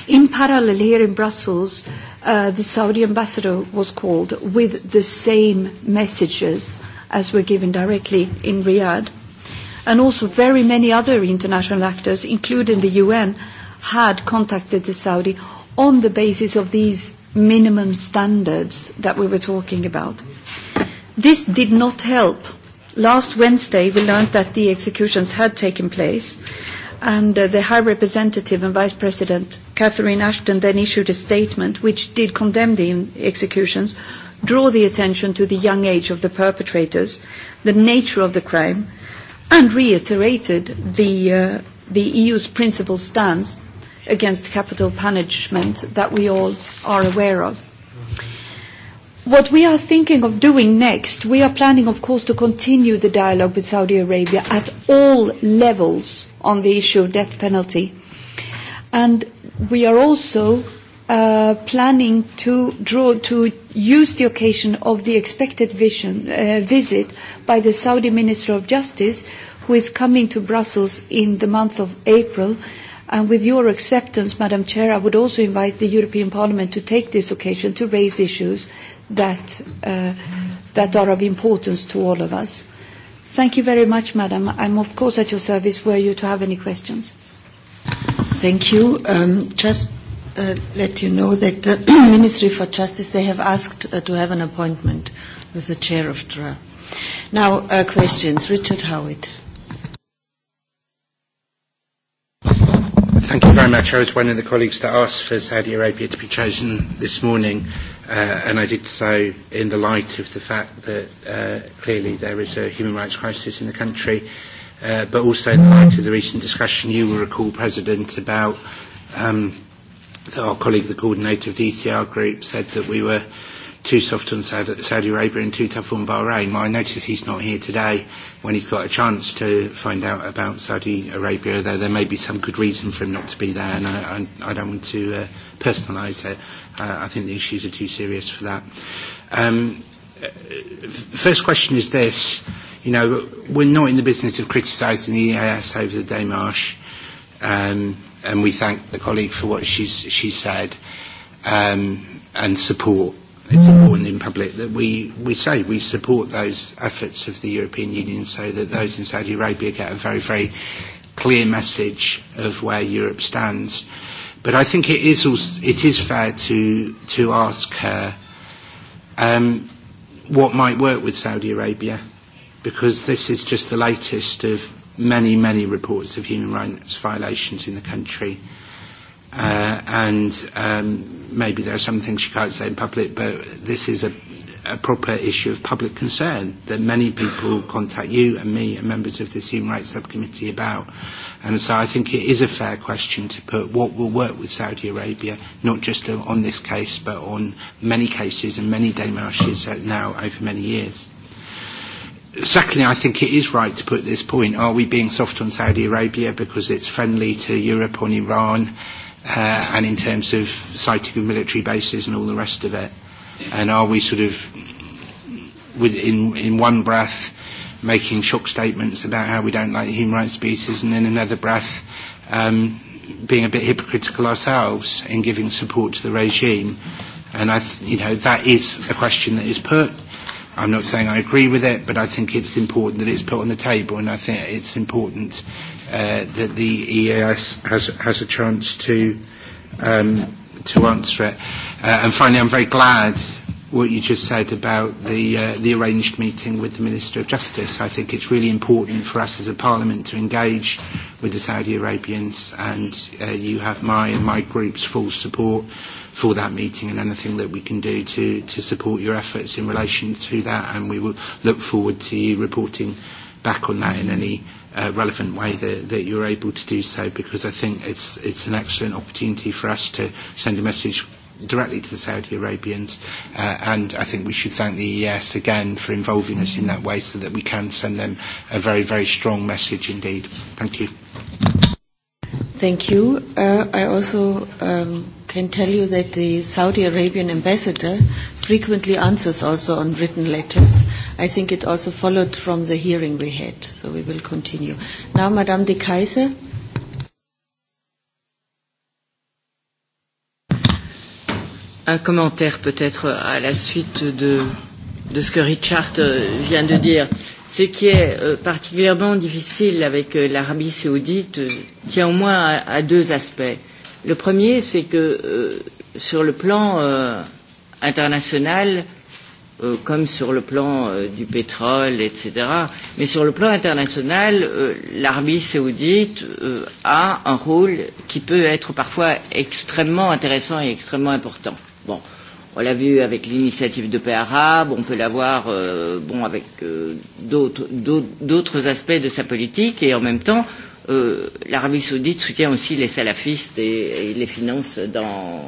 S6: In parallel here in Brussels, the Saudi ambassador was called with the same messages as were given directly in Riyadh. And also very many other international actors, including the UN, had contacted the Saudi on the basis of these minimum standards that we were talking about. This did not help. Last Wednesday we learned that the executions had taken place and the High Representative and Vice President Catherine Ashton then issued a statement which did condemn the executions, draw the attention to the young age of the perpetrators, the nature of the crime, and reiterated the EU's principal stance against capital punishment that we all are aware of. What we are thinking of doing next, we are planning, of course, to continue the dialogue with Saudi Arabia at all levels on the issue of death penalty. And we are also planning to draw to use the occasion of the expected visit by the Saudi Minister of Justice, who is coming to Brussels in the month of April. And with your acceptance, Madam Chair, I would also invite the European Parliament to take this occasion to raise issues that that are of importance to all of us. Thank you very much, Madam. I'm of course at your service were you to have any questions. Thank you. Just let you know that the Ministry for Justice, they have asked to
S1: have an appointment with the chair of DRA. Now, questions. Richard Howitt.
S7: Thank you very much. I was one of the colleagues that asked for Saudi Arabia to be chosen this morning and I did so in the light of the fact that clearly there is a human rights crisis in the country, but also in the light of the recent discussion you will recall, President, about our colleague, the coordinator of the ECR group, said that we were too soft on Saudi Arabia and too tough on Bahrain. Well, I notice he's not here today when he's got a chance to find out about Saudi Arabia, though there may be some good reason for him not to be there, and I don't want to personalise it. I think the issues are too serious for that. First question is this. You know, we're not in the business of criticising the EAS over the Day Démarche, and we thank the colleague for what she's she said, and support. It's important in public that we we say we support those efforts of the European Union so that those in Saudi Arabia get a very, very clear message of where Europe stands. But I think it is it is fair to to ask her what might work with Saudi Arabia, because this is just the latest of many many reports of human rights violations in the country. and maybe there are some things she can't say in public, but this is a, a proper issue of public concern that many people contact you and me and members of this Human Rights Subcommittee about. And so I think it is a fair question to put what will work with Saudi Arabia, not just on this case, but on many cases and many démarches now over many years. Secondly, I think it is right to put this point. Are we being soft on Saudi Arabia because it's friendly to Europe on Iran and in terms of siting of military bases and all the rest of it? And are we sort of, in one breath, making shock statements about how we don't like human rights abuses and in another breath um, being a bit hypocritical ourselves in giving support to the regime. And I, you know, that is a question that is put. I'm not saying I agree with it, but I think it's important that it's put on the table, and I think it's important that the EAS has has a chance to um to answer it. And finally, I'm very glad what you just said about the the arranged meeting with the Minister of Justice. I think it's really important for us as a Parliament to engage with the Saudi Arabians, and you have my and my group's full support for that meeting and anything that we can do to to support your efforts in relation to that. And we will look forward to you reporting back on that in any relevant way that, that you're able to do so because I think it's, it's an excellent opportunity for us to send a message directly to the Saudi Arabians, and I think we should thank the EES again for involving us in that way so that we can send them a very, very strong message indeed. Thank you.
S1: Thank you. I also can tell you that the Saudi Arabian ambassador frequently answers also on written letters. I think it also followed from the hearing we had, so we will continue. Now, Madame de Kaiser.
S8: un commentaire peut-être à la suite de de ce que Richard vient de dire. Ce qui est particulièrement difficile avec l'Arabie saoudite tient au moins à deux aspects. Le premier, c'est que sur le plan international, comme sur le plan du pétrole, etc., mais sur le plan international, l'Arabie saoudite a un rôle qui peut être parfois extrêmement intéressant et extrêmement important Bon, on l'a vu avec l'initiative de paix arabe, on peut l'avoir bon, avec d'autres aspects de sa politique, et en même temps, l'Arabie saoudite soutient aussi les salafistes et les finances dans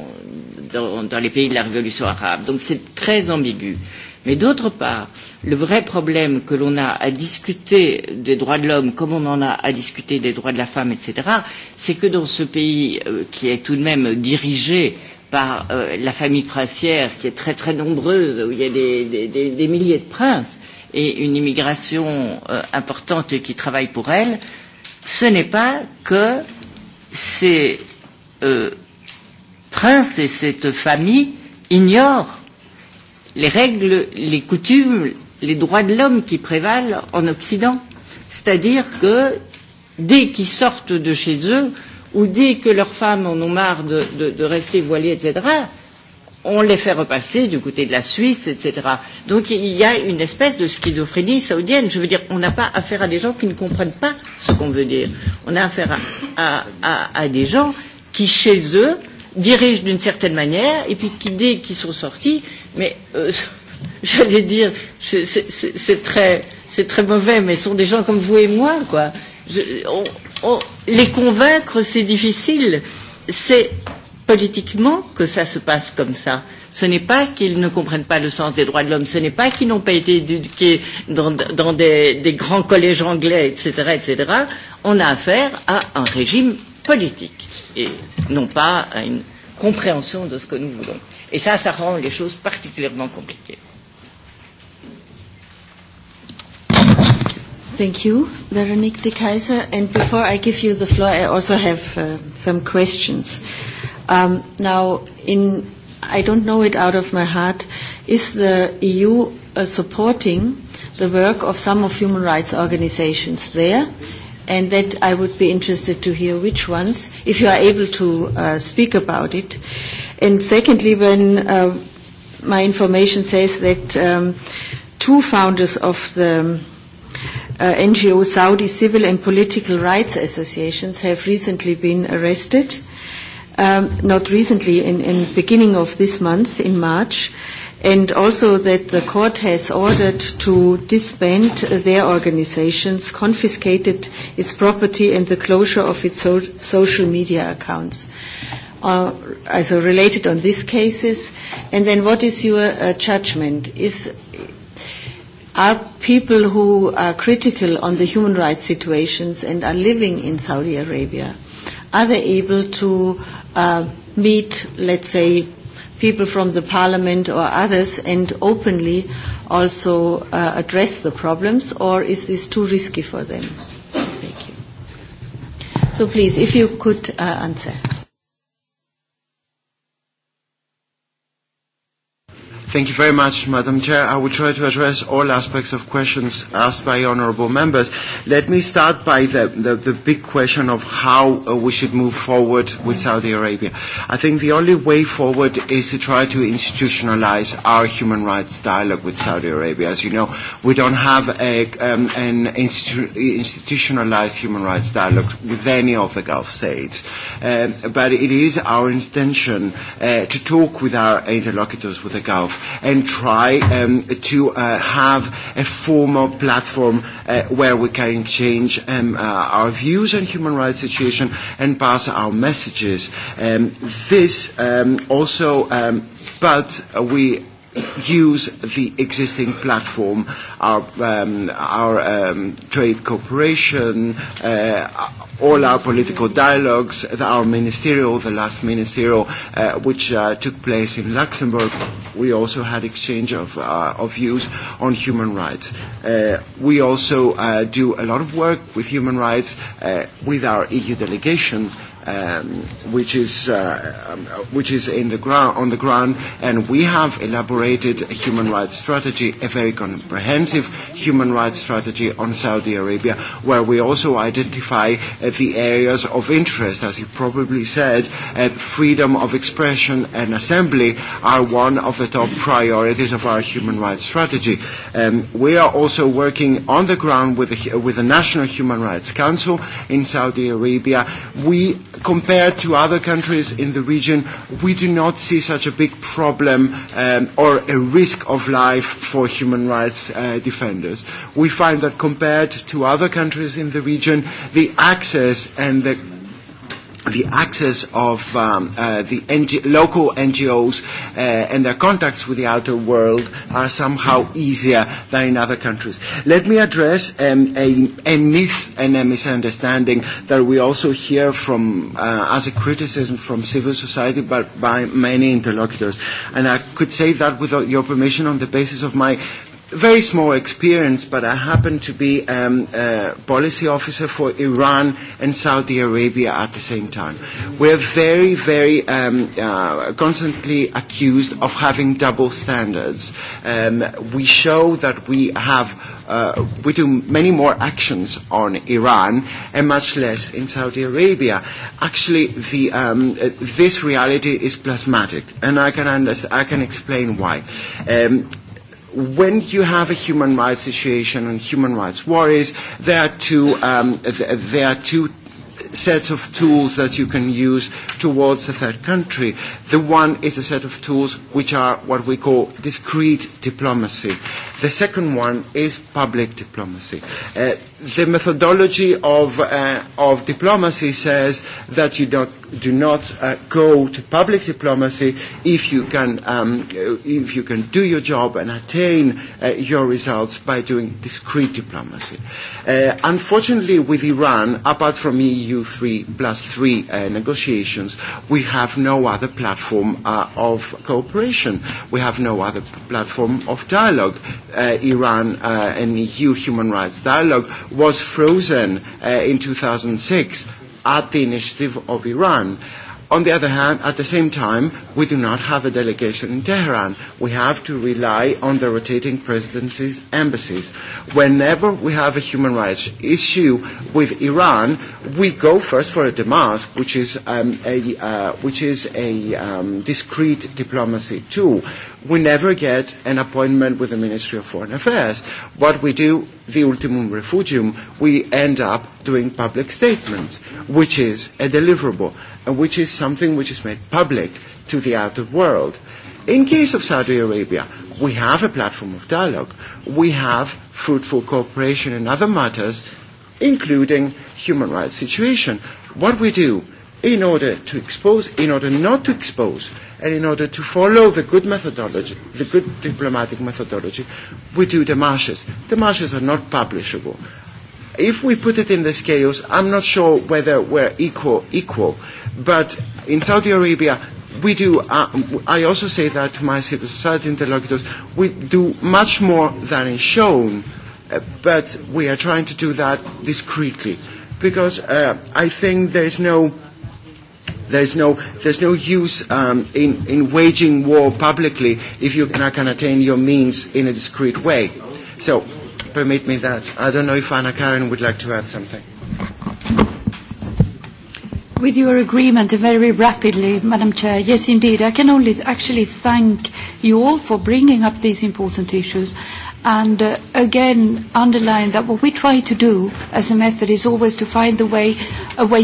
S8: les pays de la révolution arabe. Donc c'est très ambigu. Mais d'autre part, le vrai problème que l'on a à discuter des droits de l'homme, comme on en a à discuter des droits de la femme, etc., c'est que dans ce pays qui est tout de même dirigé par la famille princière qui est très très nombreuse, où il y a des milliers de princes et une immigration importante qui travaille pour elle, ce n'est pas que ces princes et cette famille ignorent les règles, les coutumes, les droits de l'homme qui prévalent en Occident. C'est-à-dire que dès qu'ils sortent de chez eux, ou dès que leurs femmes en ont marre de, de, rester voilées, etc., on les fait repasser du côté de la Suisse, etc. Donc il y a une espèce de schizophrénie saoudienne. Je veux dire, on n'a pas affaire à des gens qui ne comprennent pas ce qu'on veut dire. On a affaire à, à, à, des gens qui, chez eux, dirigent d'une certaine manière, et puis qui, dès qu'ils sont sortis, mais j'allais dire, c'est très, très mauvais, mais sont des gens comme vous et moi, quoi les convaincre, c'est difficile. C'est politiquement que ça se passe comme ça. Ce n'est pas qu'ils ne comprennent pas le sens des droits de l'homme, ce n'est pas qu'ils n'ont pas été éduqués dans des grands collèges anglais, etc. etc. On a affaire à un régime politique et non pas à une compréhension de ce que nous voulons. Et ça, ça rend les choses particulièrement compliquées.
S6: Thank you,
S1: Veronique de Kaiser. And before I give you the floor, I also have some questions. Now, in I don't know it out of my heart, is the EU supporting the work of some of human rights organizations there? And that I would be interested to hear which ones, if you are able to speak about it. And secondly, when my information says that two founders of the NGO Saudi civil and political rights associations have recently been arrested, not recently, in beginning of this month, in March, and also that the court has ordered to disband their organizations, confiscated its property and the closure of its social media accounts also related on these cases. And then what is your judgment? Is are people who are critical on the human rights situations and are living in Saudi Arabia. Are they able to meet, let's say, people from the parliament or others and openly also address the problems or is this too risky for them? Thank you. So please, if you could answer.
S5: Thank you very much, Madam Chair. I will try to address all aspects of questions asked by honourable members. Let me start by the, the, the big question of how we should move forward with Saudi Arabia. I think the only way forward is to try to institutionalize our human rights dialogue with Saudi Arabia. As you know, we don't have a, um, an institutionalised human rights dialogue with any of the Gulf states. but it is our intention to talk with our interlocutors with the Gulf and try to have a formal platform where we can change our views on human rights situation and pass our messages. This also, but we use the existing platform, our our trade cooperation, all our political dialogues, our ministerial, the last ministerial, which took place in Luxembourg. We also had exchange of of views on human rights. We also do a lot of work with human rights with our EU delegation which is which is in the ground on the ground and we have elaborated a human rights strategy a very comprehensive human rights strategy on Saudi Arabia where we also identify the areas of interest as you probably said freedom of expression and assembly are one of the top priorities of our human rights strategy we are also working on the ground with the with the National Human Rights Council in Saudi Arabia we compared to other countries in the region, we do not see such a big problem or a risk of life for human rights defenders. We find that compared to other countries in the region, the access and the the access of the local NGOs and their contacts with the outer world are somehow easier than in other countries. Let me address a myth and a misunderstanding that we also hear from as a criticism from civil society but by many interlocutors. And I could say that with your permission on the basis of my very small experience, but I happen to be a policy officer for Iran and Saudi Arabia at the same time. are very, very constantly accused of having double standards. We show that we have, we do many more actions on Iran and much less in Saudi Arabia. Actually, the this reality is plasmatic, and I can I can explain why when you have a human rights situation and human rights worries, there are two, um, there are two sets of tools that you can use towards a third country. The one is a set of tools which are what we call discrete diplomacy. The second one is public diplomacy the methodology of, of diplomacy says that you do not go to public diplomacy if you, can, if you can do your job and attain your results by doing discreet diplomacy. unfortunately, with Iran, apart from EU 3 plus 3 negotiations, we have no other platform of cooperation. We have no other platform of dialogue. Iran and EU human rights dialogue was frozen in 2006 at the initiative of Iran On the other hand, at the same time, we do not have a delegation in Tehran. We have to rely on the rotating presidency's embassies. Whenever we have a human rights issue with Iran, we go first for a Damask, which is a which is a discreet diplomacy tool. We never get an appointment with the Ministry of Foreign Affairs. What we do, the ultimum refugium, we end up doing public statements, which is a deliverable which is something which is made public to the outer world. In case of Saudi Arabia, we have a platform of dialogue. We have fruitful cooperation in other matters, including human rights situation. What we do in order to expose, in order not to expose, and in order to follow the good methodology, the good diplomatic methodology, we do demarches. Demarches are not publishable. If we put it in the scales, I'm not sure whether we're equal, equal. But in Saudi Arabia, we do, I also say that to my civil society interlocutors, we do much more than is shown, but we are trying to do that discreetly. Because I think there's no there's no there's no use in in waging war publicly if you can attain your means in a discreet way. So permit me that. I don't know if Anna Karen would like to add something.
S6: With your agreement, very rapidly, Madam Chair, yes, indeed, I can only actually thank you all for bringing up these important issues and again underline that what we try to do as a method is always to find a way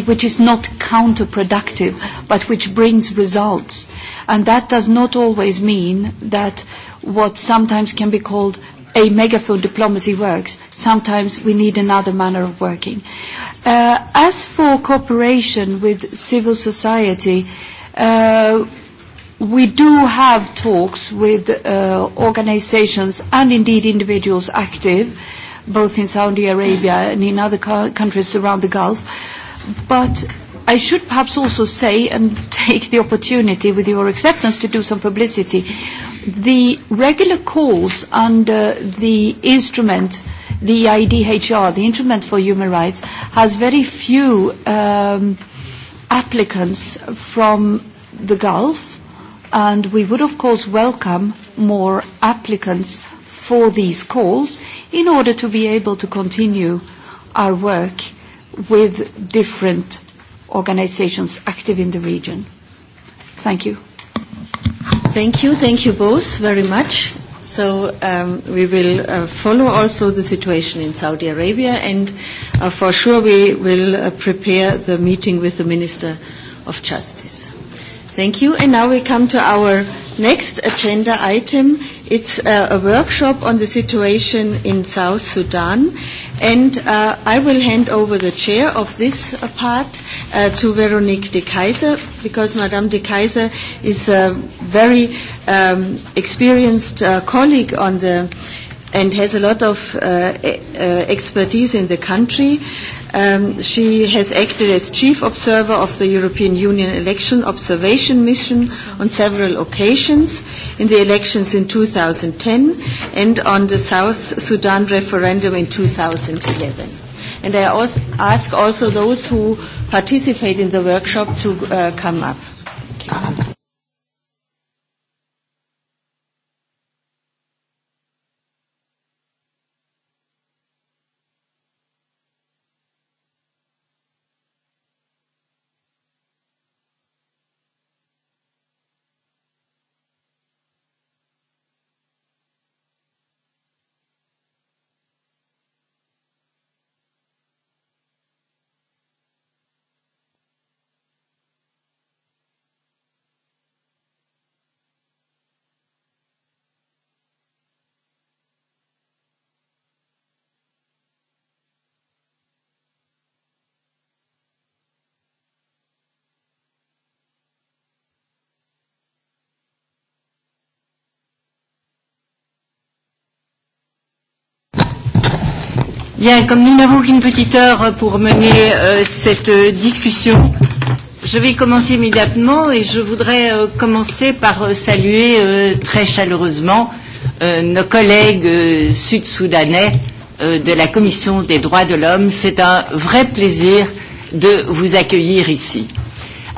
S6: which is not counterproductive but which brings results. And that does not always mean that what sometimes can be called a megaphone diplomacy works. Sometimes we need another manner of working. As for cooperation with civil society, we do have talks with organisations and indeed individuals active, both in Saudi Arabia and in other countries around the Gulf. But I should perhaps also say and take the opportunity with your acceptance to do some publicity. The regular calls under the instrument, the IDHR, the Instrument for Human Rights, has very few applicants from the Gulf, and we would, of course, welcome more applicants for these calls in order to be able to continue our work with different organizations active in the region. Thank you. Thank you. Thank you both very much. So
S1: we will follow also the situation in Saudi Arabia and for sure we will prepare the meeting with the Minister of Justice. Thank you. And now we come to our next agenda item. It's a workshop on the situation in South Sudan. And I will hand over the chair of this part to Veronique de Kaiser, because Madame de Kaiser is a very experienced colleague on the and has a lot of expertise in the country. She has acted as chief observer of the European Union election observation mission on several occasions, in the elections in 2010 and on the South Sudan referendum in 2011. And I ask also those who participate in the workshop to come up.
S8: Bien, comme nous n'avons qu'une petite heure pour mener cette discussion, je vais commencer immédiatement et je voudrais commencer par saluer très chaleureusement nos collègues sud-soudanais de la Commission des droits de l'homme. C'est un vrai plaisir de vous accueillir ici.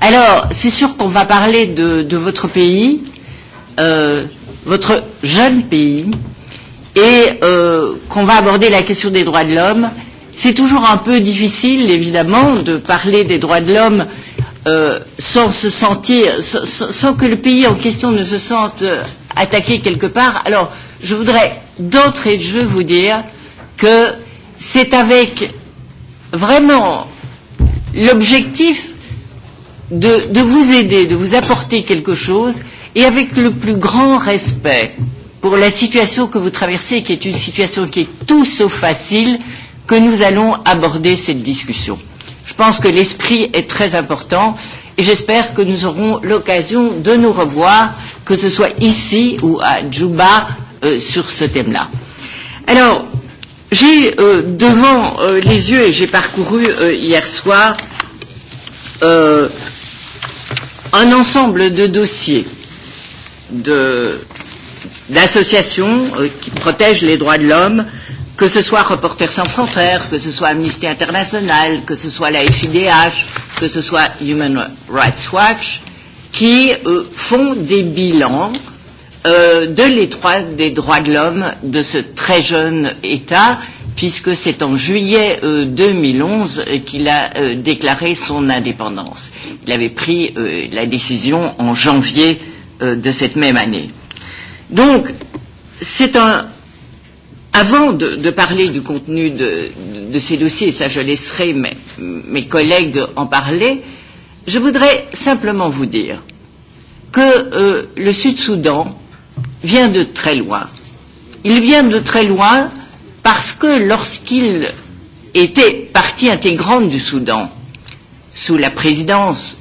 S8: Alors, c'est sûr qu'on va parler de votre pays, votre jeune pays, et qu'on va aborder la question des droits de l'homme. C'est toujours un peu difficile, évidemment, de parler des droits de l'homme sans se sentir, sans que le pays en question ne se sente attaqué quelque part. Alors, je voudrais d'entrée de jeu vous dire que c'est avec vraiment l'objectif de vous aider, de vous apporter quelque chose, et avec le plus grand respect pour la situation que vous traversez, qui est une situation qui est tout sauf facile, que nous allons aborder cette discussion. Je pense que l'esprit est très important et j'espère que nous aurons l'occasion de nous revoir, que ce soit ici ou à Djouba, sur ce thème-là. Alors, j'ai devant les yeux, et j'ai parcouru hier soir, un ensemble de dossiers de d'associations qui protègent les droits de l'homme, que ce soit Reporters sans frontières, que ce soit Amnesty International, que ce soit la FIDH, que ce soit Human Rights Watch, qui font des bilans de l'étroit des droits de l'homme de ce très jeune État, puisque c'est en juillet 2011 qu'il a déclaré son indépendance. Il avait pris la décision en janvier de cette même année. Donc, c'est un. Avant de, de parler du contenu de, de ces dossiers, et ça je laisserai mes, mes collègues en parler, je voudrais simplement vous dire que le Sud-Soudan vient de très loin. Il vient de très loin parce que lorsqu'il était partie intégrante du Soudan, sous la présidence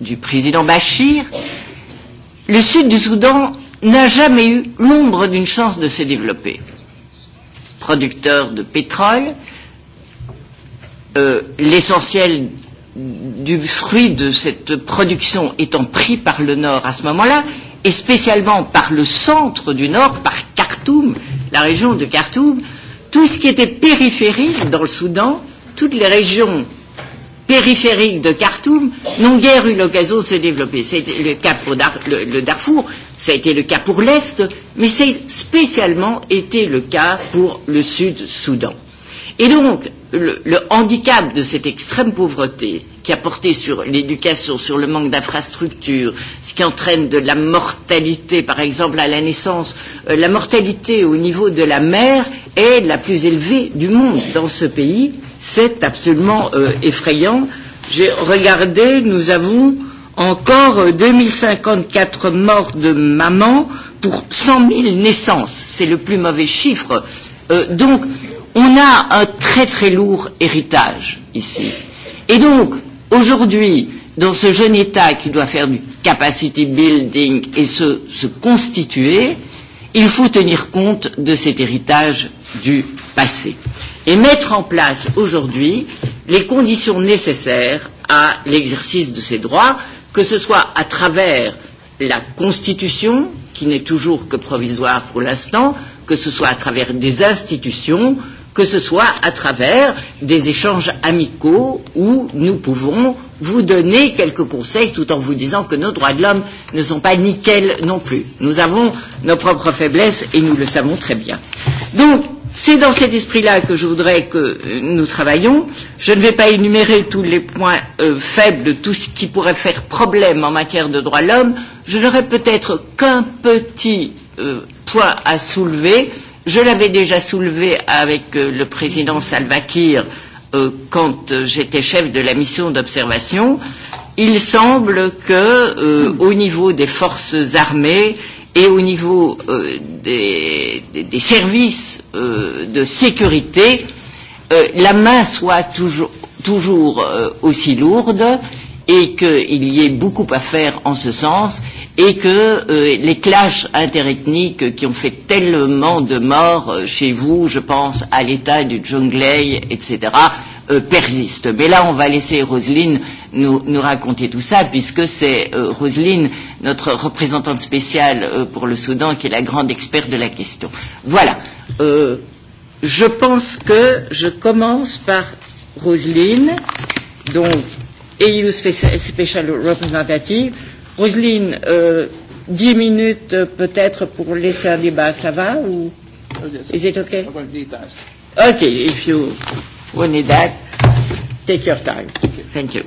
S8: du président Bachir, le sud du Soudan n'a jamais eu l'ombre d'une chance de se développer. Producteur de pétrole, l'essentiel du fruit de cette production étant pris par le Nord à ce moment-là, et spécialement par le centre du Nord, par Khartoum, la région de Khartoum, tout ce qui était périphérique dans le Soudan, toutes les régions périphériques de Khartoum n'ont guère eu l'occasion de se développer. C'est le cas pour le Darfour, ça a été le cas pour l'Est, mais c'est spécialement été le cas pour le Sud-Soudan. Et donc, le handicap de cette extrême pauvreté qui a porté sur l'éducation, sur le manque d'infrastructures, ce qui entraîne de la mortalité, par exemple à la naissance, la mortalité au niveau de la mer est la plus élevée du monde dans ce pays C'est absolument effrayant. J'ai regardé, nous avons encore 2054 morts de mamans pour 100 000 naissances. C'est le plus mauvais chiffre. Donc, on a un très très lourd héritage ici. Et donc, aujourd'hui, dans ce jeune État qui doit faire du capacity building et se, se constituer, il faut tenir compte de cet héritage du passé et mettre en place aujourd'hui les conditions nécessaires à l'exercice de ces droits, que ce soit à travers la Constitution, qui n'est toujours que provisoire pour l'instant, que ce soit à travers des institutions, que ce soit à travers des échanges amicaux où nous pouvons vous donner quelques conseils tout en vous disant que nos droits de l'homme ne sont pas nickels non plus. Nous avons nos propres faiblesses et nous le savons très bien. Donc, C'est dans cet esprit-là que je voudrais que nous travaillions. Je ne vais pas énumérer tous les points faibles de tout ce qui pourrait faire problème en matière de droits de l'homme. Je n'aurais peut-être qu'un petit point à soulever. Je l'avais déjà soulevé avec le président Salva Kiir quand j'étais chef de la mission d'observation. Il semble qu'au niveau des forces armées, et au niveau des des services de sécurité la main soit toujours toujours aussi lourde et qu'il y ait beaucoup à faire en ce sens et que les clashs interethniques qui ont fait tellement de morts chez vous, je pense à l'état du jungle, etc., persiste. Mais là, on va laisser Roselyne nous, nous raconter tout ça, puisque c'est euh, Roselyne, notre représentante spéciale pour le Soudan, qui est la grande experte de la question. Voilà. Euh, je pense que je commence par Roselyne, donc EU Special Representative. Roselyne, euh, 10 minutes peut-être pour laisser un débat, ça va ou... Is it okay? Okay, if you we need that.
S9: Take your time. Thank you.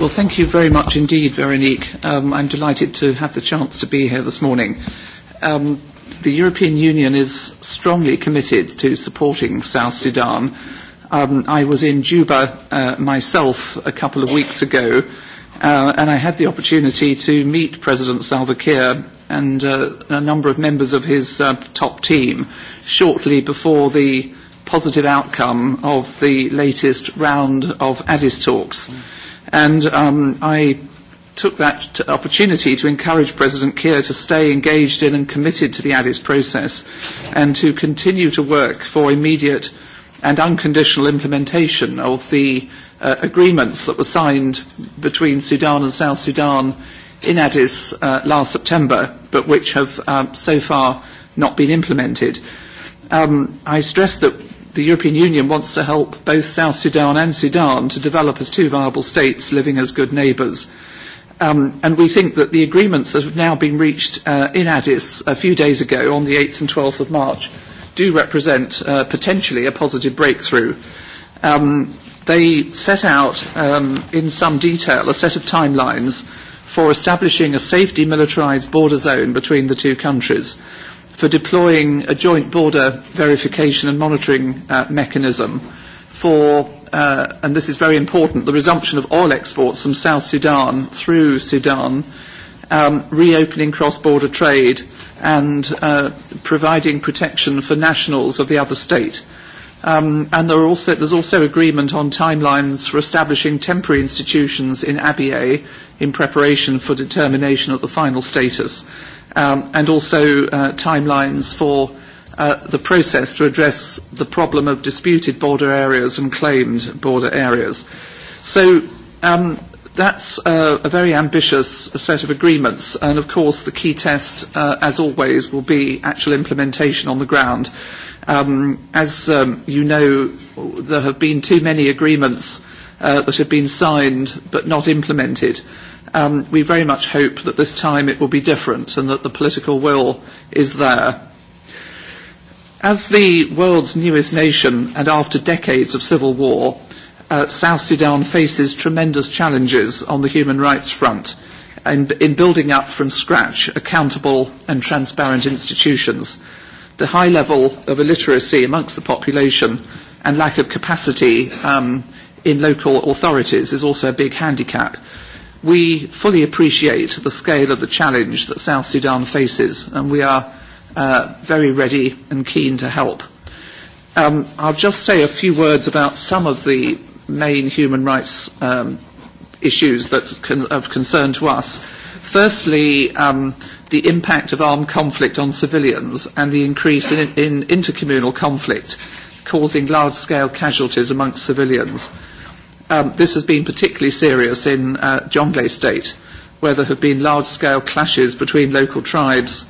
S9: Well, thank you very much indeed, Veronique. Um, I'm delighted to have the chance to be here this morning. Um, the European Union is strongly committed to supporting South Sudan. Um, I was in Juba myself a couple of weeks ago and I had the opportunity to meet President Salva Kiir and a number of members of his top team shortly before the positive outcome of the latest round of Addis talks. And I took that opportunity to encourage President Kiir to stay engaged in and committed to the Addis process and to continue to work for immediate and unconditional implementation of the agreements that were signed between Sudan and South Sudan in Addis last September, but which have so far not been implemented. I stress that the European Union wants to help both South Sudan and Sudan to develop as two viable states living as good neighbours. And we think that the agreements that have now been reached in Addis a few days ago on the 8th and 12th of March do represent potentially a positive breakthrough. They set out in some detail a set of timelines for establishing a safety militarised border zone between the two countries, for deploying a joint border verification and monitoring mechanism, for, and this is very important, the resumption of oil exports from South Sudan through Sudan, reopening cross-border trade, and providing protection for nationals of the other state and there are also there's also agreement on timelines for establishing temporary institutions in ABA in preparation for determination of the final status and also timelines for the process to address the problem of disputed border areas and claimed border areas so that's a very ambitious set of agreements and of course the key test as always will be actual implementation on the ground As you know, there have been too many agreements that have been signed but not implemented. We very much hope that this time it will be different and that the political will is there. As the world's newest nation and after decades of civil war, South Sudan faces tremendous challenges on the human rights front in building up from scratch accountable and transparent institutions the high level of illiteracy amongst the population and lack of capacity in local authorities is also a big handicap. We fully appreciate the scale of the challenge that South Sudan faces, and we are very ready and keen to help. I'll just say a few words about some of the main human rights issues that are of concern to us. Firstly, the impact of armed conflict on civilians and the increase in intercommunal conflict causing large-scale casualties amongst civilians. This has been particularly serious in Jonglei State, where there have been large-scale clashes between local tribes,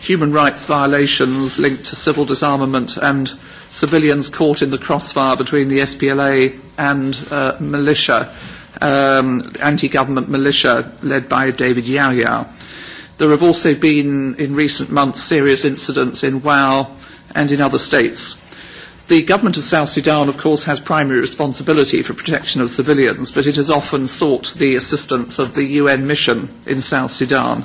S9: human rights violations linked to civil disarmament, and civilians caught in the crossfire between the SPLA and militia, anti-government militia led by David Yao Yao. There have also been in recent months serious incidents in WoW and in other states. The government of South Sudan, of course, has primary responsibility for protection of civilians, but it has often sought the assistance of the UN mission in South Sudan.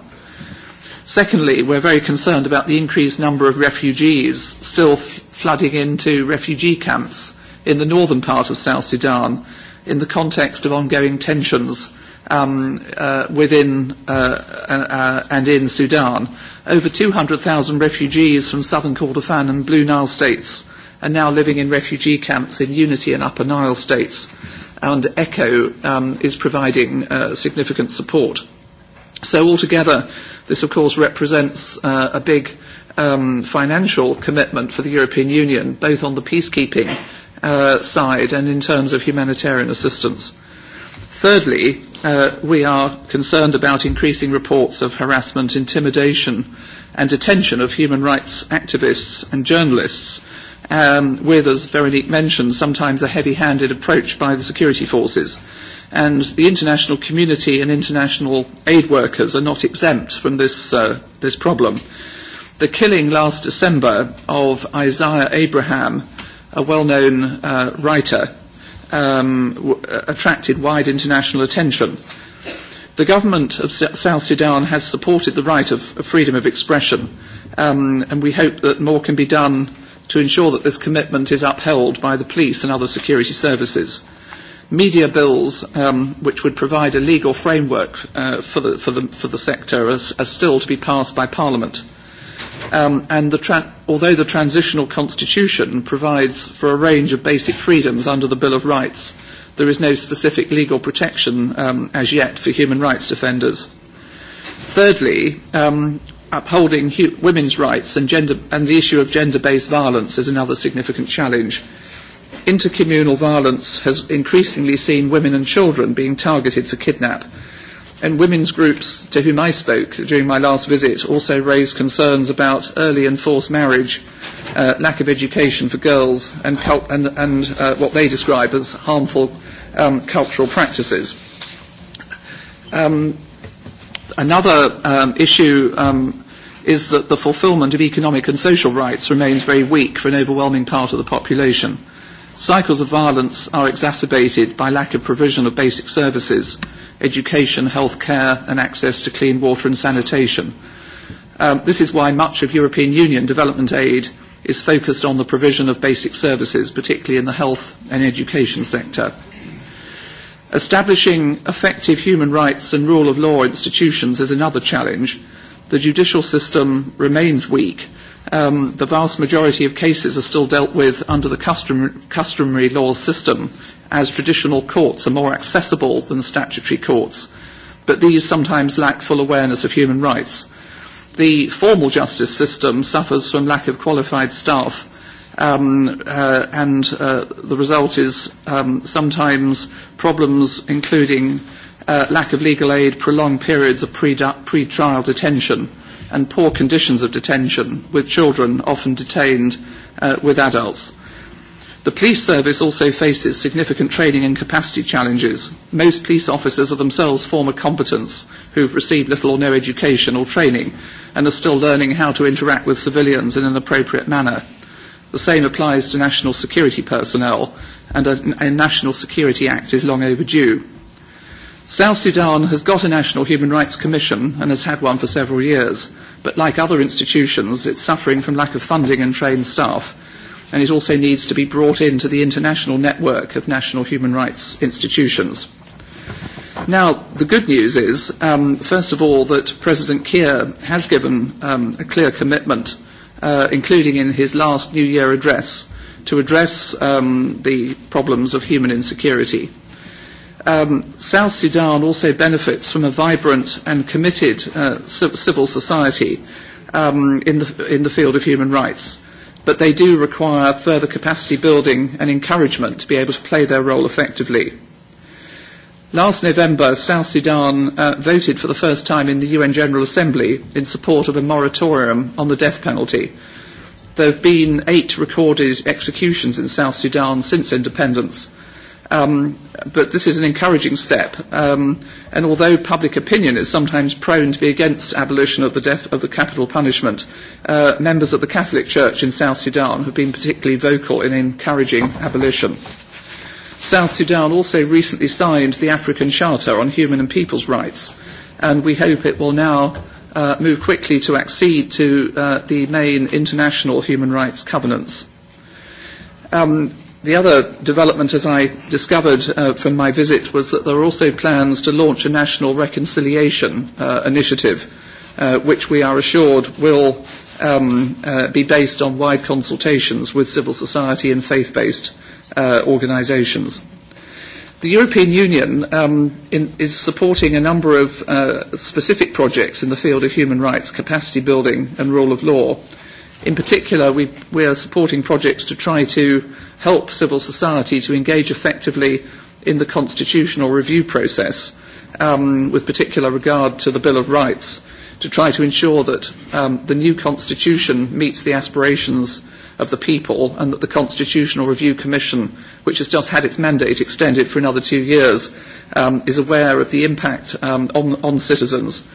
S9: Secondly, we're very concerned about the increased number of refugees still flooding into refugee camps in the northern part of South Sudan in the context of ongoing tensions within and in Sudan. Over 200,000 refugees from southern Kordofan and Blue Nile states are now living in refugee camps in Unity and Upper Nile states, and ECHO is providing significant support. So altogether, this of course represents a big financial commitment for the European Union, both on the peacekeeping side and in terms of humanitarian assistance. Thirdly, we are concerned about increasing reports of harassment, intimidation and detention of human rights activists and journalists, with, as Veronique mentioned, sometimes a heavy-handed approach by the security forces. And the international community and international aid workers are not exempt from this problem. The killing last December of Isaiah Abraham, a well-known writer, attracted wide international attention. The government of South Sudan has supported the right of freedom of expression, and we hope that more can be done to ensure that this commitment is upheld by the police and other security services. Media bills, which would provide a legal framework for the sector, are still to be passed by Parliament and although the transitional constitution provides for a range of basic freedoms under the Bill of Rights, there is no specific legal protection as yet for human rights defenders. Thirdly, upholding women's rights and the issue of gender-based violence is another significant challenge. Intercommunal violence has increasingly seen women and children being targeted for kidnap and women's groups to whom I spoke during my last visit also raised concerns about early and forced marriage, lack of education for girls, and what they describe as harmful cultural practices. Another issue is that the fulfilment of economic and social rights remains very weak for an overwhelming part of the population. Cycles of violence are exacerbated by lack of provision of basic services education, health care and access to clean water and sanitation. This is why much of European Union development aid is focused on the provision of basic services, particularly in the health and education sector. Establishing effective human rights and rule of law institutions is another challenge. The judicial system remains weak. The vast majority of cases are still dealt with under the customary law system as traditional courts are more accessible than statutory courts, but these sometimes lack full awareness of human rights. The formal justice system suffers from lack of qualified staff, and the result is sometimes problems including lack of legal aid, prolonged periods of pre-trial detention, and poor conditions of detention, with children often detained with adults. The police service also faces significant training and capacity challenges. Most police officers are themselves former combatants who have received little or no education or training and are still learning how to interact with civilians in an appropriate manner. The same applies to national security personnel and a National Security Act is long overdue. South Sudan has got a National Human Rights Commission and has had one for several years, but like other institutions, it's suffering from lack of funding and trained staff and it also needs to be brought into the international network of national human rights institutions. Now, the good news is, first of all, that President Kiir has given a clear commitment, including in his last New Year address, to address the problems of human insecurity. South Sudan also benefits from a vibrant and committed civil society in the field of human rights but they do require further capacity building and encouragement to be able to play their role effectively. Last November, South Sudan voted for the first time in the UN General Assembly in support of a moratorium on the death penalty. There have been eight recorded executions in South Sudan since independence, But this is an encouraging step, and although public opinion is sometimes prone to be against abolition of the death of the capital punishment, members of the Catholic Church in South Sudan have been particularly vocal in encouraging abolition. South Sudan also recently signed the African Charter on Human and People's Rights, and we hope it will now move quickly to accede to the main international human rights covenants. The other development, as I discovered from my visit, was that there are also plans to launch a national reconciliation initiative, which we are assured will be based on wide consultations with civil society and faith-based organisations. The European Union is supporting a number of specific projects in the field of human rights, capacity building and rule of law In particular, we, we are supporting projects to try to help civil society to engage effectively in the constitutional review process, um, with particular regard to the Bill of Rights, to try to ensure that um, the new constitution meets the aspirations of the people and that the Constitutional Review Commission, which has just had its mandate extended for another two years, um, is aware of the impact um, on, on citizens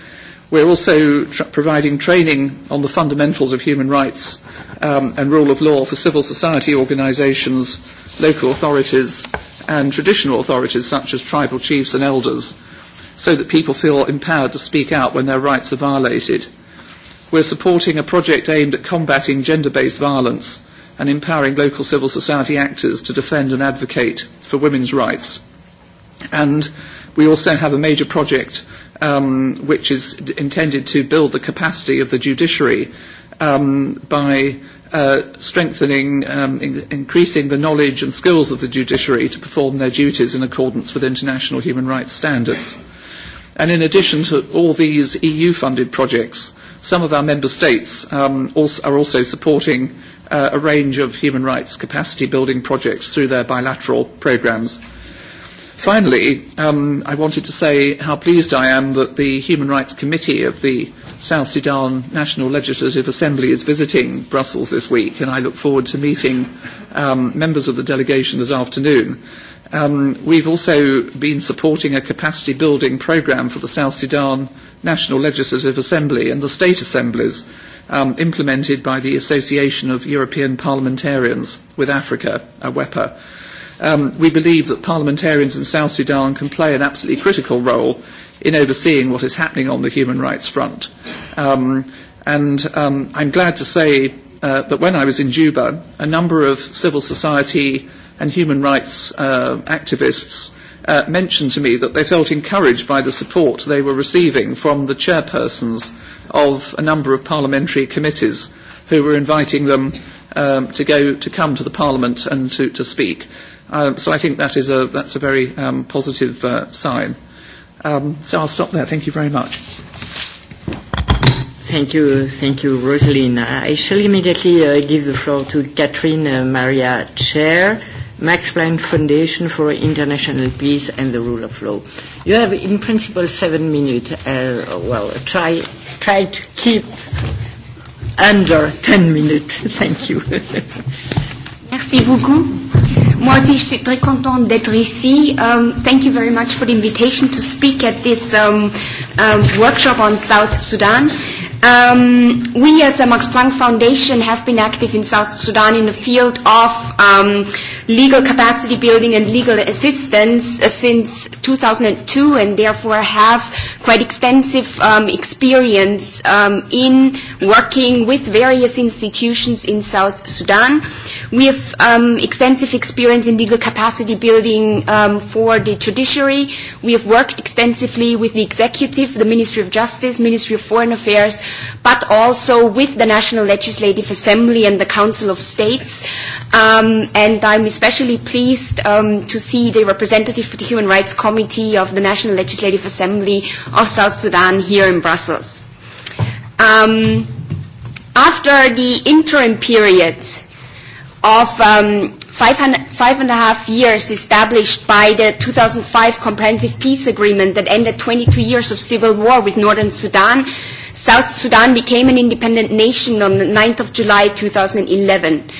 S9: We're also providing training on the fundamentals of human rights and rule of law for civil society organisations, local authorities and traditional authorities such as tribal chiefs and elders, so that people feel empowered to speak out when their rights are violated. We're supporting a project aimed at combating gender-based violence and empowering local civil society actors to defend and advocate for women's rights. And we also have a major project which is intended to build the capacity of the judiciary by strengthening, increasing the knowledge and skills of the judiciary to perform their duties in accordance with international human rights standards. And in addition to all these EU-funded projects, some of our member states are also supporting a range of human rights capacity building projects through their bilateral programs Finally, I wanted to say how pleased I am that the Human Rights Committee of the South Sudan National Legislative Assembly is visiting Brussels this week, and I look forward to meeting members of the delegation this afternoon. We've also been supporting a capacity-building programme for the South Sudan National Legislative Assembly and the state assemblies implemented by the Association of European Parliamentarians with Africa, AWEPA we believe that parliamentarians in South Sudan can play an absolutely critical role in overseeing what is happening on the human rights front. And I'm glad to say that when I was in Juba, a number of civil society and human rights activists mentioned to me that they felt encouraged by the support they were receiving from the chairpersons of a number of parliamentary committees who were inviting them to go to come to the parliament and to to speak So I think that is a that's a very positive sign. So I'll stop there. Thank you very much. Thank you, thank you, Rosalind. I shall immediately give the
S8: floor to Catherine Maria, Chair, Max Planck Foundation for International Peace and the Rule of Law. You have, in principle, seven minutes. Well, try try to keep under ten minutes. Thank you.
S10: Merci beaucoup. Moi aussi, je suis très contente d'être ici. Um, thank you very much for the invitation to speak at this um, um, workshop on South Sudan. We as the Max Planck Foundation have been active in South Sudan in the field of legal capacity building and legal assistance since 2002 and therefore have quite extensive experience in working with various institutions in South Sudan. We have extensive experience in legal capacity building for the judiciary. We have worked extensively with the executive, the Ministry of Justice, Ministry of Foreign Affairs but also with the National Legislative Assembly and the Council of States. And I'm especially pleased to see the representative for the Human Rights Committee of the National Legislative Assembly of South Sudan here in Brussels. After the interim period of five and a half years established by the 2005 Comprehensive Peace Agreement that ended 22 years of civil war with Northern Sudan, South Sudan became an independent nation on the 9th of July 2011.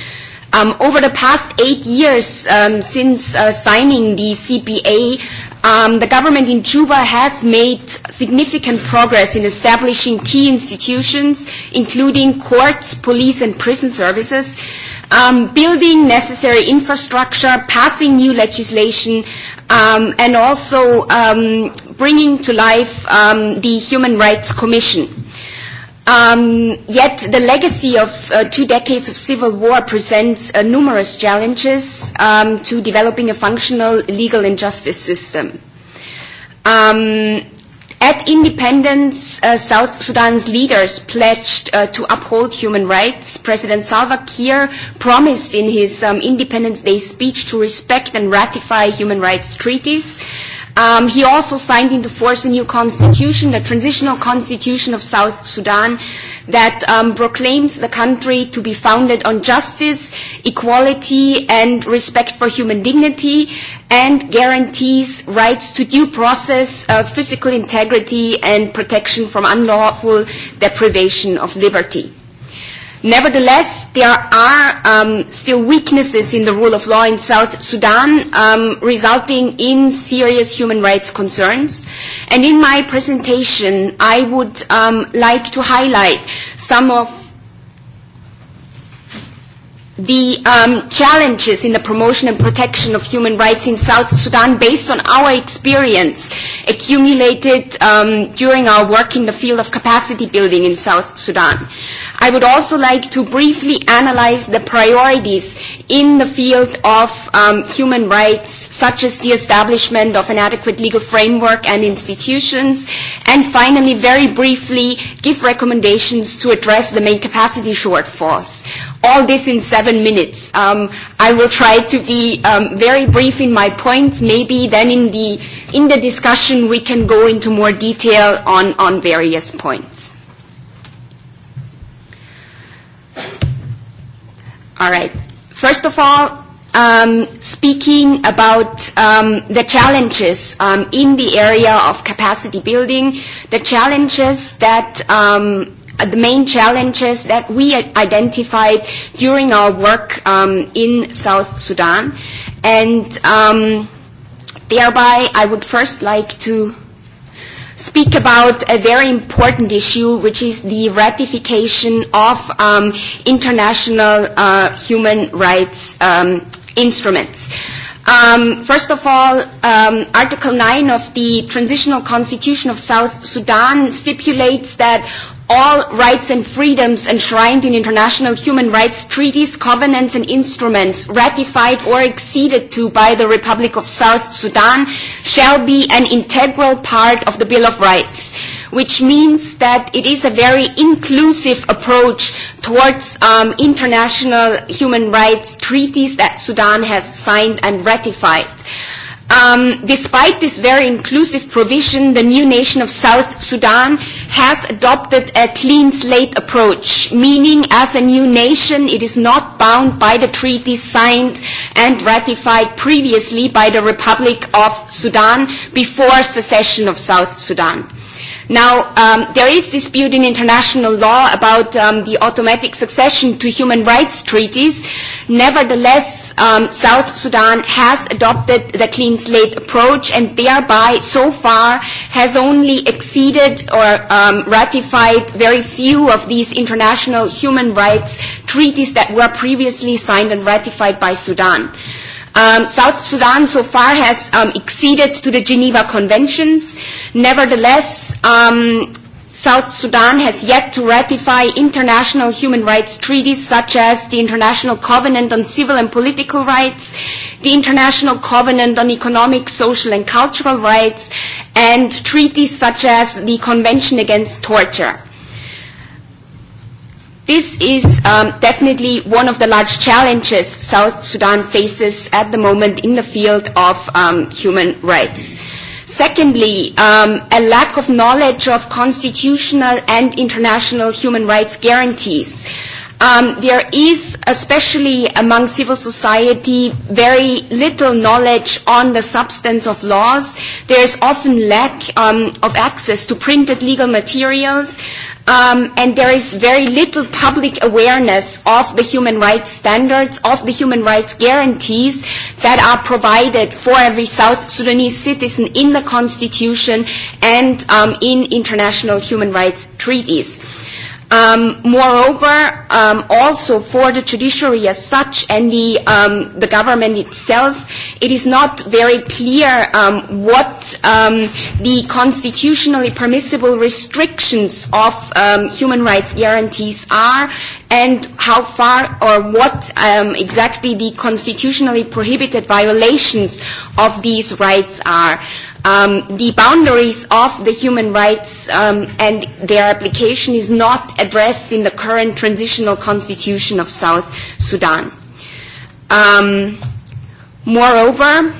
S10: Over the past eight years since signing the CPA, The government in Juba has made significant progress in establishing key institutions, including courts, police and prison services, building necessary infrastructure, passing new legislation, and also bringing to life the Human Rights Commission. Yet the legacy of two decades of civil war presents numerous challenges to developing a functional legal and justice system. At independence, South Sudan's leaders pledged to uphold human rights. President Salva Kiir promised in his Independence Day speech to respect and ratify human rights treaties He also signed into force a new constitution, the transitional constitution of South Sudan, that proclaims the country to be founded on justice, equality and respect for human dignity, and guarantees rights to due process, physical integrity and protection from unlawful deprivation of liberty. Nevertheless, there are still weaknesses in the rule of law in South Sudan, resulting in serious human rights concerns. And in my presentation, I would like to highlight some of the challenges in the promotion and protection of human rights in South Sudan based on our experience accumulated during our work in the field of capacity building in South Sudan. I would also like to briefly analyze the priorities in the field of human rights such as the establishment of an adequate legal framework and institutions and finally very briefly give recommendations to address the main capacity shortfalls all this in seven minutes. I will try to be very brief in my points. Maybe then in the in the discussion we can go into more detail on on various points. All right. First of all, speaking about the challenges in the area of capacity building, the challenges that the main challenges that we identified during our work in South Sudan. And thereby, I would first like to speak about a very important issue, which is the ratification of international human rights instruments. First of all, Article 9 of the Transitional Constitution of South Sudan stipulates that all rights and freedoms enshrined in international human rights treaties, covenants and instruments ratified or acceded to by the Republic of South Sudan shall be an integral part of the Bill of Rights, which means that it is a very inclusive approach towards international human rights treaties that Sudan has signed and ratified. Despite this very inclusive provision, the new nation of South Sudan has adopted a clean slate approach, meaning as a new nation it is not bound by the treaties signed and ratified previously by the Republic of Sudan before secession of South Sudan. Now, there is dispute in international law about the automatic succession to human rights treaties. Nevertheless, South Sudan has adopted the clean slate approach and thereby so far has only exceeded or ratified very few of these international human rights treaties that were previously signed and ratified by Sudan. South Sudan so far has acceded to the Geneva Conventions. Nevertheless, South Sudan has yet to ratify international human rights treaties such as the International Covenant on Civil and Political Rights, the International Covenant on Economic, Social and Cultural Rights, and treaties such as the Convention Against Torture. This is definitely one of the large challenges South Sudan faces at the moment in the field of human rights. Secondly, a lack of knowledge of constitutional and international human rights guarantees There is, especially among civil society, very little knowledge on the substance of laws. There is often lack of access to printed legal materials, and there is very little public awareness of the human rights standards, of the human rights guarantees that are provided for every South Sudanese citizen in the Constitution and in international human rights treaties. Moreover, also for the judiciary as such and the government itself, it is not very clear what the constitutionally permissible restrictions of human rights guarantees are and how far or what exactly the constitutionally prohibited violations of these rights are the boundaries of the human rights and their application is not addressed in the current transitional constitution of South Sudan. Moreover,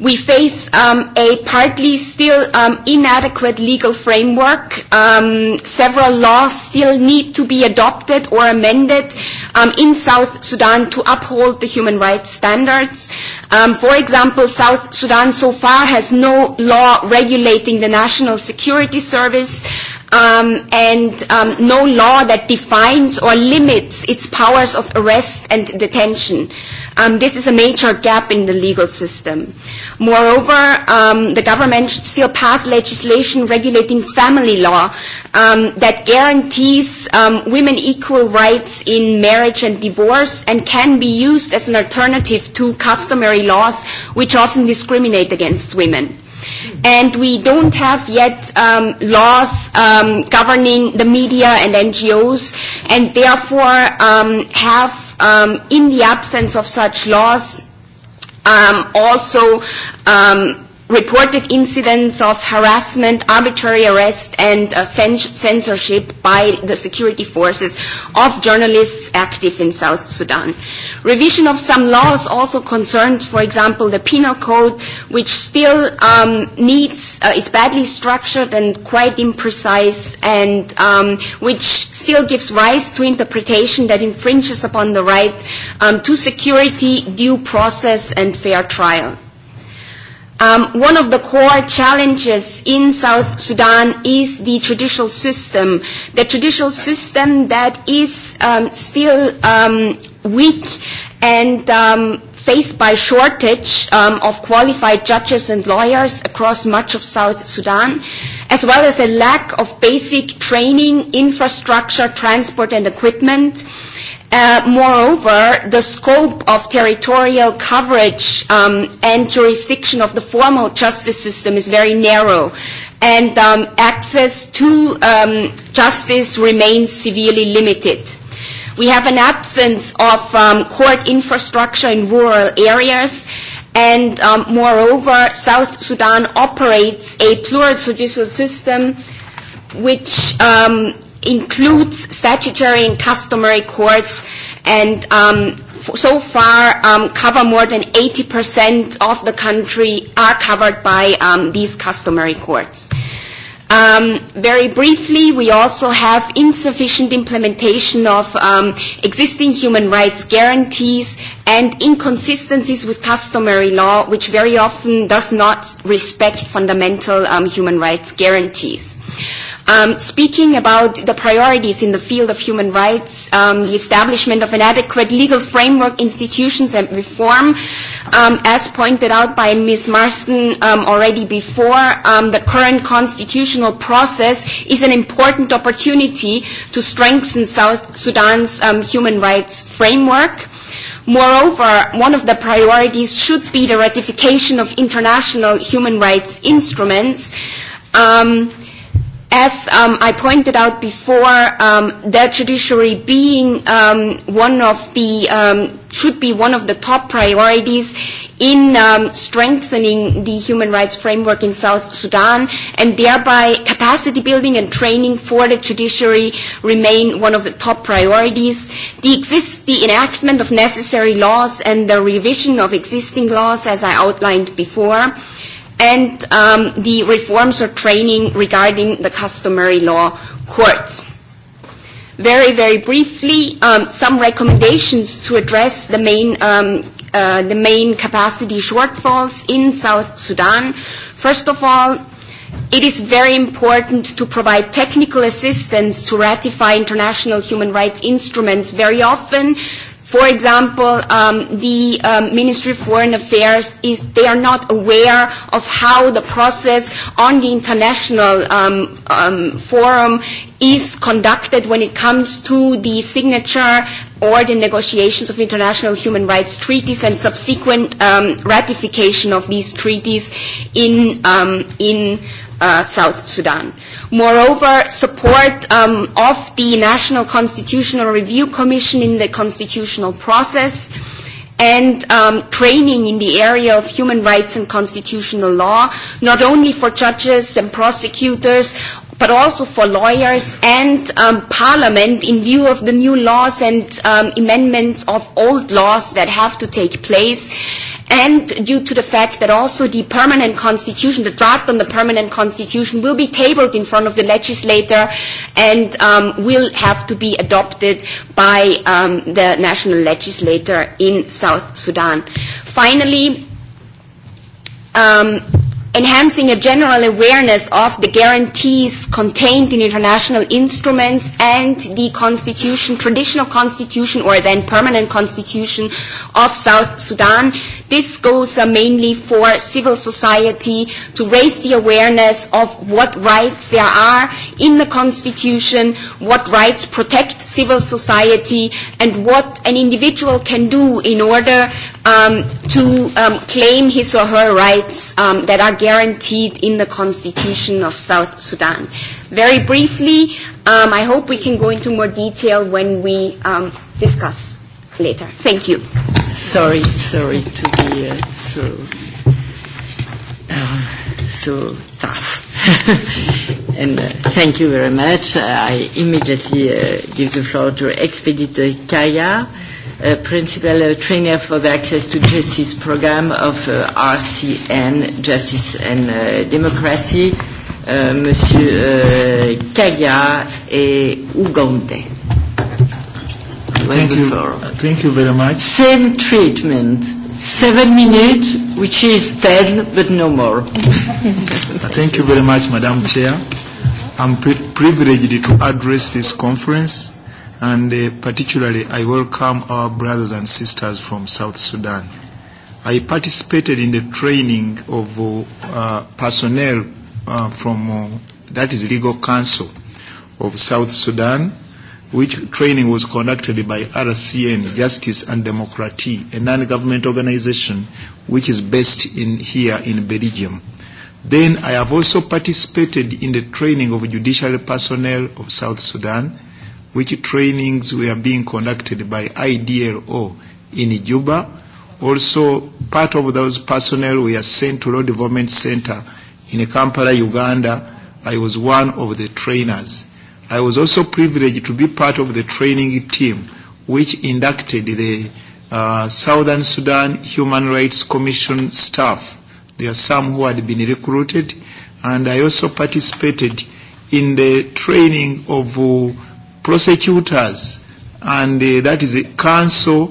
S10: We face a partly still inadequate legal framework. Several laws still need to be adopted or amended in South Sudan to uphold the human rights standards. For example, South Sudan so far has no law regulating the National Security Service and no law that defines or limits its powers of arrest and detention. This is a major gap in the legal system. Moreover, the government should still pass legislation regulating family law that guarantees women equal rights in marriage and divorce and can be used as an alternative to customary laws which often discriminate against women. And we don't have yet laws governing the media and NGOs, and therefore have, in the absence of such laws, also reported incidents of harassment, arbitrary arrest and censorship by the security forces of journalists active in South Sudan. Revision of some laws also concerns, for example, the penal code, which still needs is badly structured and quite imprecise, and which still gives rise to interpretation that infringes upon the right to security, due process and fair trial. One of the core challenges in South Sudan is the judicial system, the judicial system that is still weak and faced by shortage of qualified judges and lawyers across much of South Sudan, as well as a lack of basic training, infrastructure, transport and equipment. Moreover, the scope of territorial coverage and jurisdiction of the formal justice system is very narrow, and access to justice remains severely limited. We have an absence of court infrastructure in rural areas and moreover South Sudan operates a plural judicial system which includes statutory and customary courts and so far cover more than 80% of the country are covered by these customary courts. Very briefly, we also have insufficient implementation of existing human rights guarantees and inconsistencies with customary law, which very often does not respect fundamental human rights guarantees. Speaking about the priorities in the field of human rights, the establishment of an adequate legal framework, institutions and reform, as pointed out by Ms. Marston already before, the current constitution process is an important opportunity to strengthen South Sudan's human rights framework. Moreover, one of the priorities should be the ratification of international human rights instruments. As I pointed out before, the judiciary being one of the should be one of the top priorities in strengthening the human rights framework in South Sudan and thereby capacity building and training for the judiciary remain one of the top priorities. The enactment of necessary laws and the revision of existing laws as I outlined before and the reforms or training regarding the customary law courts. Very, very briefly, some recommendations to address the main the main capacity shortfalls in South Sudan. First of all, it is very important to provide technical assistance to ratify international human rights instruments very often For example, the Ministry of Foreign Affairs is they are not aware of how the process on the international forum is conducted when it comes to the signature or the negotiations of international human rights treaties and subsequent ratification of these treaties in in South Sudan. Moreover, support of the National Constitutional Review Commission in the constitutional process and training in the area of human rights and constitutional law, not only for judges and prosecutors, but also for lawyers and Parliament in view of the new laws and amendments of old laws that have to take place and due to the fact that also the permanent constitution, the draft on the permanent constitution will be tabled in front of the legislator and will have to be adopted by the national legislator in South Sudan. Finally, enhancing a general awareness of the guarantees contained in international instruments and the constitution, traditional constitution or then permanent constitution of South Sudan. This goes mainly for civil society to raise the awareness of what rights there are in the constitution, what rights protect civil society and what an individual can do in order to claim his or her rights that are guaranteed in the Constitution of South Sudan. Very briefly, I hope we can go into more detail when we discuss later.
S8: Thank you. Sorry, sorry to be so so tough. And thank you very much. I immediately give the floor to Expeditor Kaya principal trainer for the Access to Justice program of RCN, Justice and Democracy, Monsieur Kaya et Ugande. Thank you. Thank you very much. Same treatment. Seven minutes,
S11: which is ten, but no more. Thank you very much, Madam Chair. I'm privileged to address this conference and particularly I welcome our brothers and sisters from South Sudan. I participated in the training of personnel from that is legal council of South Sudan, which training was conducted by RCN, Justice and Democracy, a non-government organization which is based in here in Belgium. Then I have also participated in the training of judicial personnel of South Sudan which trainings were being conducted by IDLO in Juba. Also, part of those personnel were sent to Law Development Center in Kampala, Uganda. I was one of the trainers. I was also privileged to be part of the training team which inducted the Southern Sudan Human Rights Commission staff. There are some who had been recruited, and I also participated in the training of prosecutors and that is a council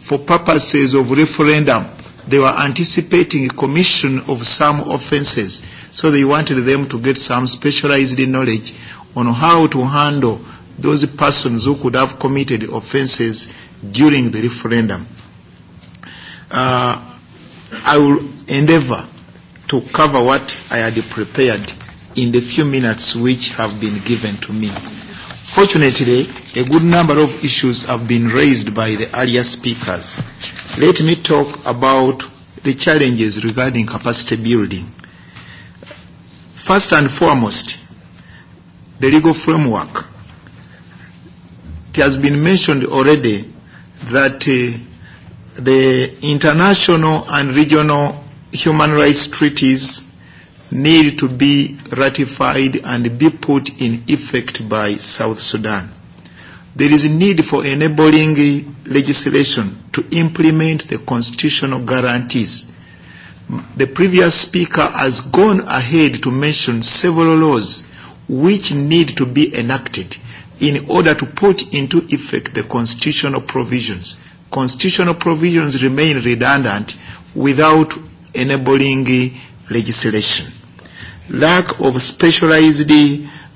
S11: for purposes of referendum. They were anticipating a commission of some offences, so they wanted them to get some specialized knowledge on how to handle those persons who could have committed offences during the referendum. I will endeavour to cover what I had prepared in the few minutes which have been given to me. Fortunately, a good number of issues have been raised by the earlier speakers. Let me talk about the challenges regarding capacity building. First and foremost, the legal framework. It has been mentioned already that the international and regional human rights treaties need to be ratified and be put in effect by South Sudan. There is a need for enabling legislation to implement the constitutional guarantees. The previous speaker has gone ahead to mention several laws which need to be enacted in order to put into effect the constitutional provisions. Constitutional provisions remain redundant without enabling legislation lack of specialized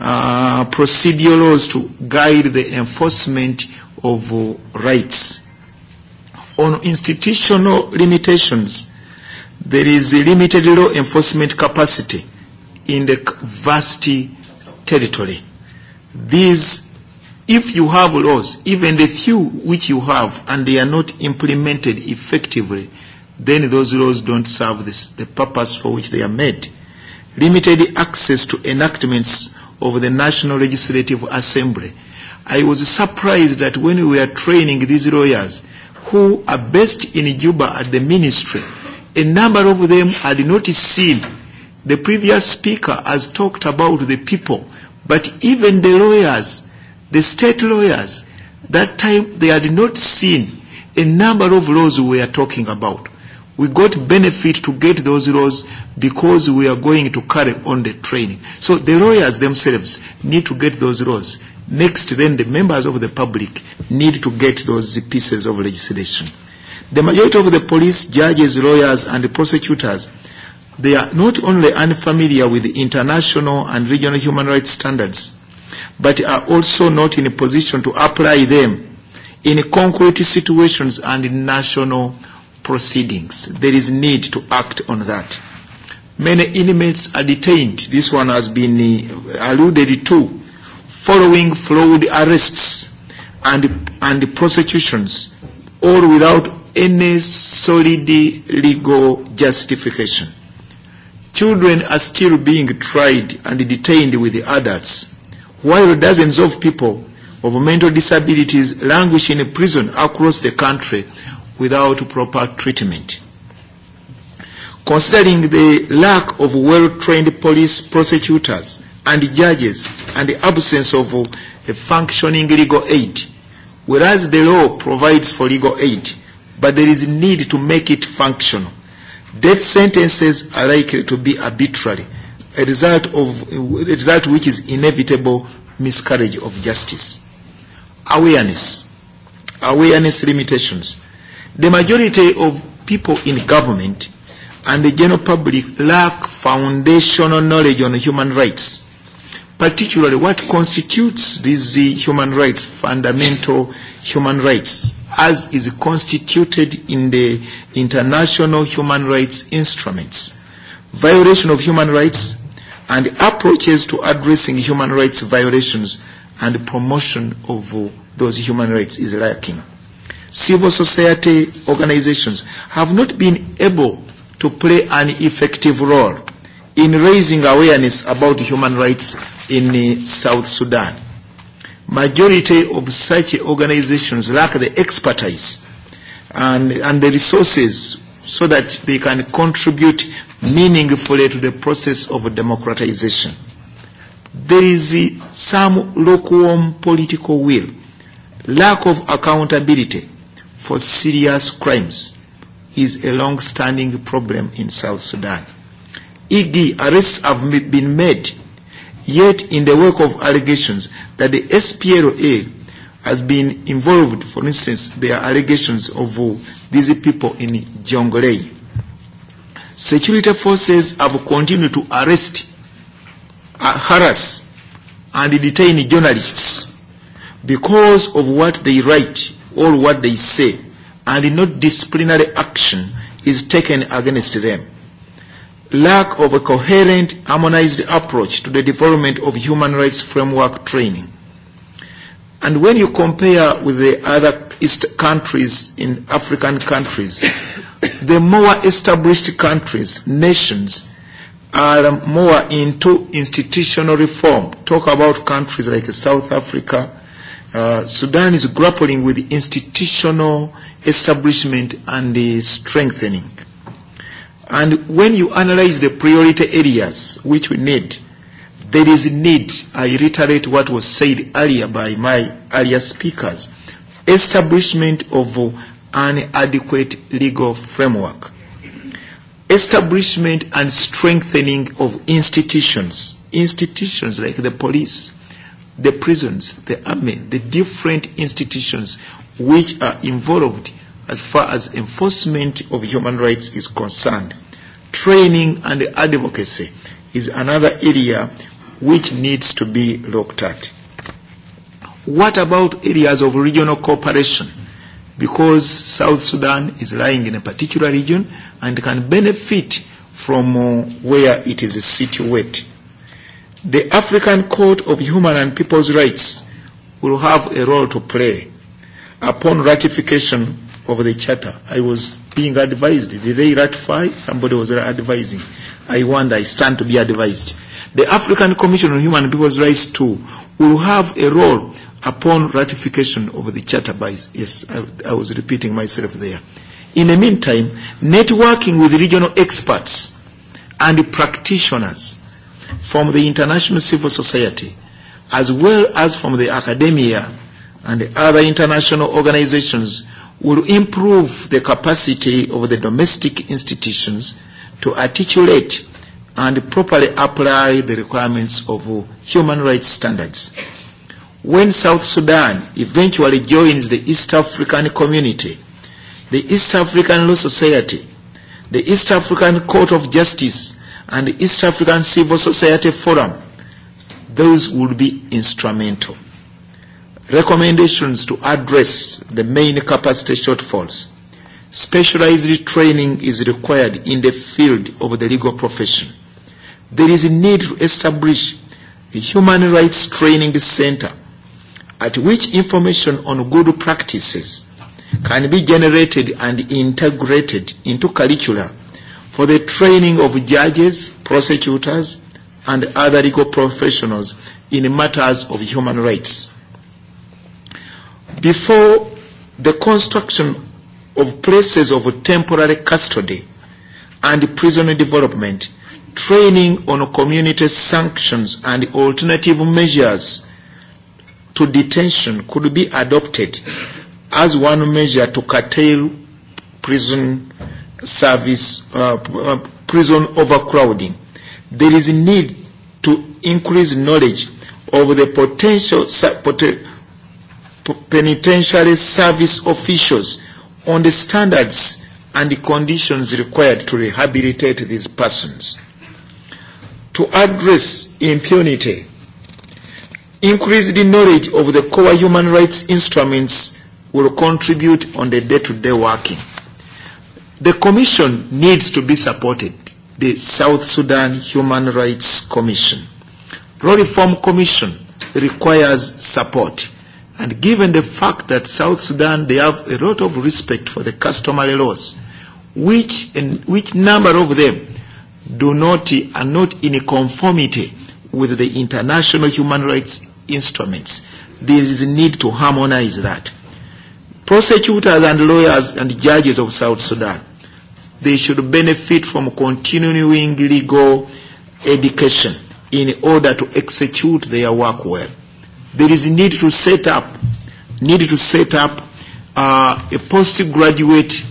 S11: uh, laws to guide the enforcement of rights. On institutional limitations, there is a limited law enforcement capacity in the vast territory. These, if you have laws, even the few which you have, and they are not implemented effectively, then those laws don't serve the purpose for which they are made limited access to enactments of the National Legislative Assembly. I was surprised that when we were training these lawyers who are based in Juba at the ministry, a number of them had not seen the previous speaker has talked about the people, but even the lawyers, the state lawyers, that time they had not seen a number of laws we are talking about. We got benefit to get those laws because we are going to carry on the training. So the lawyers themselves need to get those laws. Next, then the members of the public need to get those pieces of legislation. The majority of the police, judges, lawyers, and prosecutors, they are not only unfamiliar with international and regional human rights standards, but are also not in a position to apply them in concrete situations and in national proceedings. There is need to act on that. Many inmates are detained. This one has been alluded to following flawed arrests and, and prosecutions, all without any solid legal justification. Children are still being tried and detained with the adults, while dozens of people of mental disabilities languish in prison across the country without proper treatment considering the lack of well-trained police prosecutors and judges and the absence of a functioning legal aid. Whereas the law provides for legal aid, but there is need to make it functional. Death sentences are likely to be arbitrary, a result of a result which is inevitable miscarriage of justice. Awareness. Awareness limitations. The majority of people in government and the general public lack foundational knowledge on human rights, particularly what constitutes these human rights, fundamental human rights, as is constituted in the international human rights instruments. Violation of human rights and approaches to addressing human rights violations and promotion of those human rights is lacking. Civil society organizations have not been able to play an effective role in raising awareness about human rights in South Sudan. Majority of such organizations lack the expertise and, the resources so that they can contribute meaningfully to the process of democratization. There is some lukewarm political will, lack of accountability for serious crimes, is a long-standing problem in South Sudan. EG arrests have been made, yet in the wake of allegations that the SPLA has been involved, for instance, there are allegations of these people in Jonglei. Security forces have continued to arrest, harass, and detain journalists because of what they write or what they say and no disciplinary action is taken against them. Lack of a coherent, harmonized approach to the development of human rights framework training. And when you compare with the other East countries in African countries, the more established countries, nations, are more into institutional reform. Talk about countries like South Africa, Sudan is grappling with institutional establishment and strengthening. And when you analyze the priority areas which we need, there is a need, I reiterate what was said earlier by my earlier speakers, establishment of an adequate legal framework, establishment and strengthening of institutions, institutions like the police, the prisons, the army, the different institutions which are involved as far as enforcement of human rights is concerned. Training and advocacy is another area which needs to be looked at. What about areas of regional cooperation? Because South Sudan is lying in a particular region and can benefit from where it is situated the African Court of Human and People's Rights will have a role to play upon ratification of the Charter. I was being advised. Did they ratify? Somebody was advising. I wonder, I stand to be advised. The African Commission on Human and People's Rights too will have a role upon ratification of the Charter. By, yes, I, I was repeating myself there. In the meantime, networking with regional experts and practitioners from the international civil society, as well as from the academia and other international organizations, will improve the capacity of the domestic institutions to articulate and properly apply the requirements of human rights standards. When South Sudan eventually joins the East African Community, the East African Law Society, the East African Court of Justice, and the East African Civil Society Forum. Those would be instrumental. Recommendations to address the main capacity shortfalls. Specialized training is required in the field of the legal profession. There is a need to establish a human rights training center at which information on good practices can be generated and integrated into curricula for the training of judges, prosecutors, and other legal professionals in matters of human rights. Before the construction of places of temporary custody and prison development, training on community sanctions and alternative measures to detention could be adopted as one measure to curtail prison service prison overcrowding. There is a need to increase knowledge of the potential penitentiary service officials on the standards and the conditions required to rehabilitate these persons. To address impunity, increase the knowledge of the core human rights instruments will contribute on the day-to-day working. The Commission needs to be supported, the South Sudan Human Rights Commission. Law Reform Commission requires support. And given the fact that South Sudan, they have a lot of respect for the customary laws, which, and which number of them do not, are not in conformity with the international human rights instruments. There is a need to harmonize that. Prosecutors and lawyers and judges of South Sudan, they should benefit from continuing legal education in order to execute their work well. There is need to set up, need to set up a postgraduate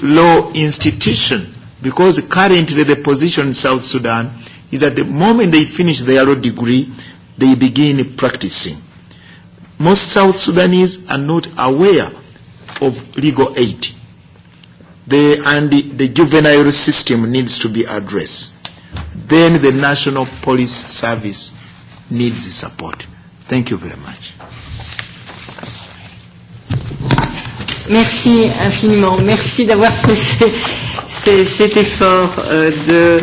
S11: law institution because currently the position in South Sudan is that the moment they finish their law degree, they begin practicing. Most South Sudanese are not aware of legal aid. The, and the juvenile system needs to be addressed. Then the National Police Service needs support. Thank you very much.
S8: Merci infiniment. Merci d'avoir fait cet effort de,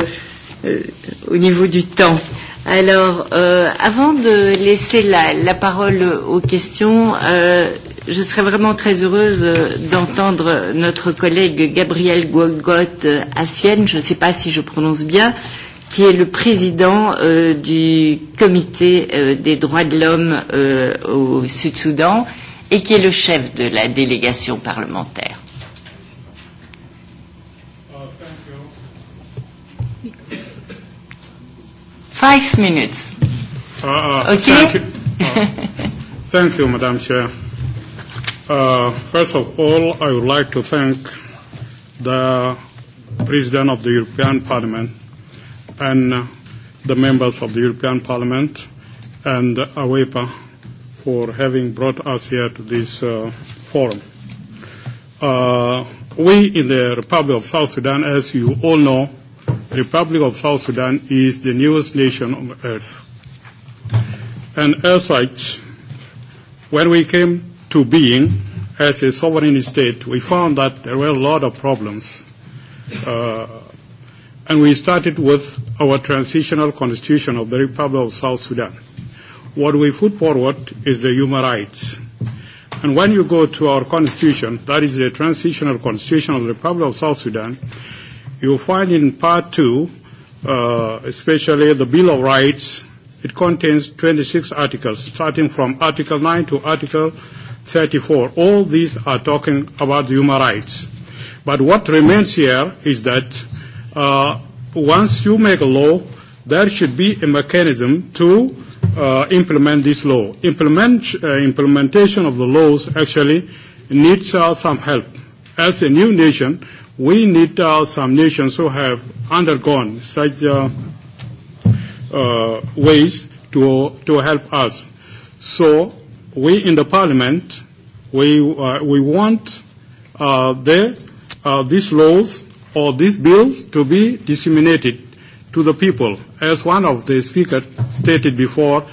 S8: au niveau du temps. Alors, euh, avant de laisser la, la parole aux questions, euh, je serais vraiment très heureuse d'entendre notre collègue Gabriel Guagot à je ne sais pas si je prononce bien, qui est le président euh, du comité des droits de l'homme au Sud-Soudan et qui est le chef de la délégation parlementaire. five minutes.
S12: Okay? Thank you, Madam Chair. First of all, I would like to thank the President of the European Parliament and the members of the European Parliament and AWEPA for having brought us here to this forum. We in the Republic of South Sudan, as you all know, Republic of South Sudan is the newest nation on earth. And as such, when we came to being as a sovereign state, we found that there were a lot of problems. And we started with our transitional constitution of the Republic of South Sudan. What we put forward is the human rights. And when you go to our constitution, that is the transitional constitution of the Republic of South Sudan, you find in Part 2, especially the Bill of Rights, it contains 26 articles, starting from Article 9 to Article 34. All these are talking about human rights. But what remains here is that once you make a law, there should be a mechanism to implement this law. Implementation of the laws actually needs some help. As a new nation, We need some nations who have undergone such ways to to help us. So we in the Parliament we we want uh the these laws or these bills to be disseminated to the people. As one of the speakers stated before,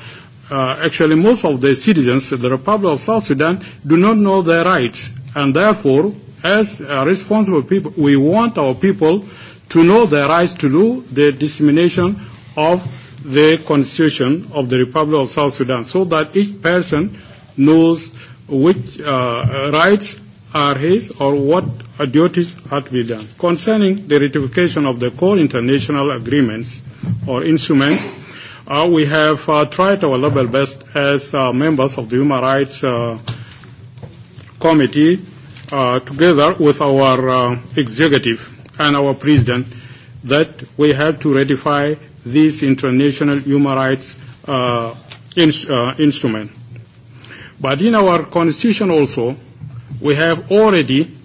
S12: actually most of the citizens of the Republic of South Sudan do not know their rights and therefore as responsible people, we want our people to know their rights to do the dissemination of the Constitution of the Republic of South Sudan, so that each person knows which rights are his or what duties are to be done. Concerning the ratification of the core international agreements or instruments, we have tried our level best as members of the Human Rights Committee together with our executive and our president, that we have to ratify this international human rights instrument. But in our constitution also, we have already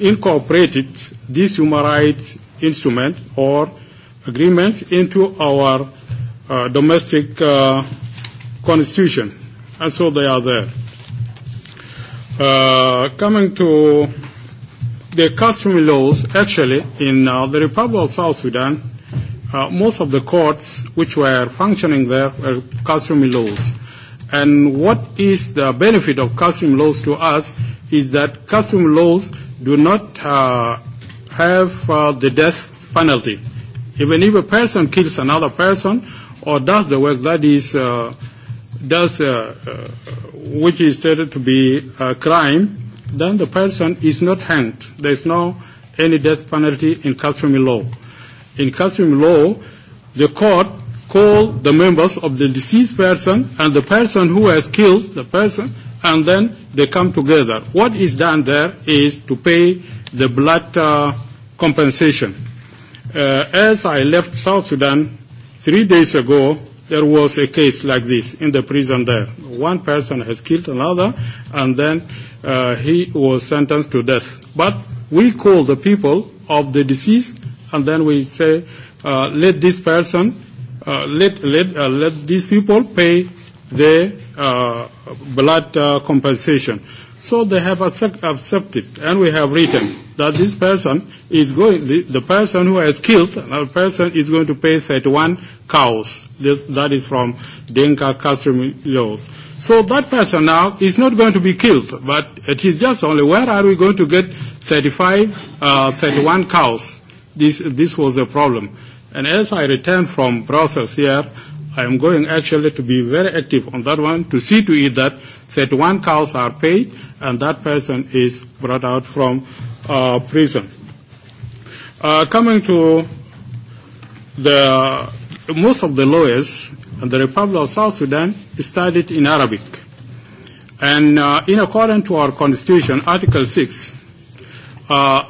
S12: incorporated this human rights instrument or agreements into our domestic constitution, and so they are there. Coming to the customary laws, actually, in the Republic of South Sudan, most of the courts which were functioning there were customary laws. And what is the benefit of custom laws to us is that customary laws do not have the death penalty. Even if a person kills another person or does the work that is does which is stated to be a crime, then the person is not hanged. There is no any death penalty in customary law. In customary law, the court call the members of the deceased person and the person who has killed the person, and then they come together. What is done there is to pay the blood compensation. As I left South Sudan three days ago, There was a case like this in the prison there. One person has killed another, and then he was sentenced to death. But we call the people of the deceased, and then we say, let this person, let let let these people pay their blood compensation. So they have accepted, and we have written that this person is going, the, the person who has killed another person is going to pay 31 cows. This, that is from Denka Custom laws. So that person now is not going to be killed, but it is just only where are we going to get 35, uh, 31 cows? This, this was a problem. And as I return from Brussels here, I am going actually to be very active on that one to see to it that 31 cows are paid and that person is brought out from prison. Coming to the most of the lawyers in the Republic of South Sudan studied in Arabic. And in accordance to our constitution, Article 6,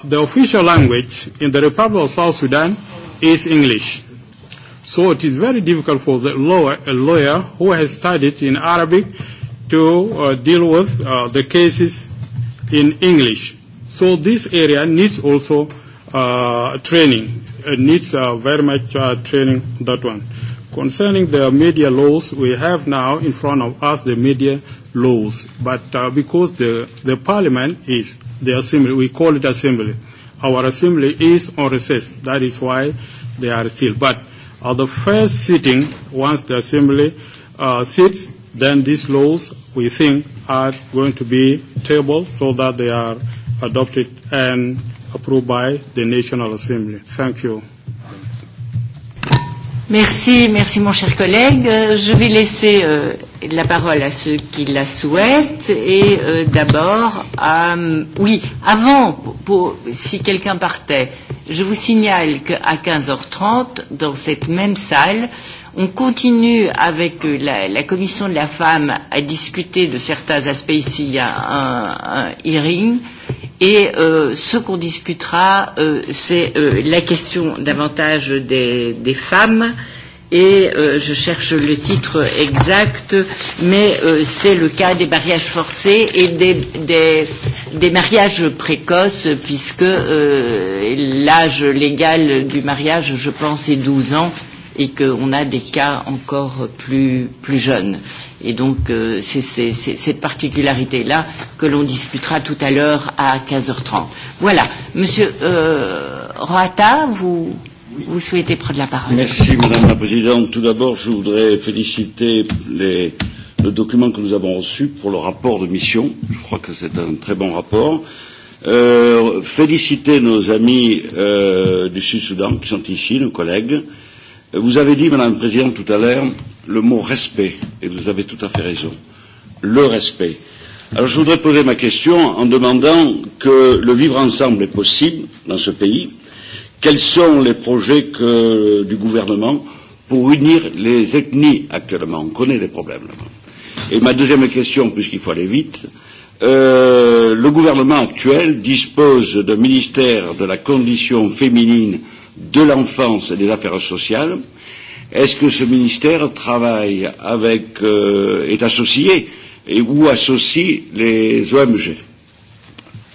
S12: the official language in the Republic of South Sudan is English. So it is very difficult for the lawyer who has studied in Arabic to deal with the cases in English. So this area needs also training. It needs very much training, that one. Concerning the media laws, we have now in front of us the media laws. But because the the parliament is the assembly, we call it assembly. Our assembly is on recess. That is why they are still. But the first sitting, once the assembly sits, then these laws we think are going to be tabled so that they are adopted and approved by the National Assembly. Thank you.
S8: Merci, merci mon cher collègue. Je vais laisser la parole à ceux qui la souhaitent et d'abord, oui, avant, pour, si quelqu'un partait, je vous signale qu'à 15h30, dans cette même salle, On continue avec la commission de la femme à discuter de certains aspects ici, il y a un hearing et ce qu'on discutera c'est la question davantage des femmes et je cherche le titre exact mais c'est le cas des mariages forcés et des des des mariages précoces puisque l'âge légal du mariage je pense est 12 ans et qu'on a des cas encore plus, plus jeunes. Et donc c'est cette particularité-là que l'on discutera tout à l'heure à 15h30. Voilà. Monsieur euh, vous, souhaitez prendre la parole.
S4: Merci Madame la Présidente. Tout d'abord, je voudrais féliciter les, le document que nous avons reçu pour le rapport de mission. Je crois que c'est un très bon rapport. féliciter nos amis du Sud-Soudan qui sont ici, nos collègues, Vous avez dit, Madame la Présidente, tout à l'heure, le mot respect, et vous avez tout à fait raison. Le respect. Alors je voudrais poser ma question en demandant que le vivre ensemble est possible dans ce pays. Quels sont les projets que, du gouvernement pour unir les ethnies actuellement On connaît les problèmes. Et ma deuxième question, puisqu'il faut aller vite, euh, le gouvernement actuel dispose d'un ministère de la condition féminine de l'enfance et des affaires sociales. Est-ce que ce ministère travaille avec, est associé et ou associe les OMG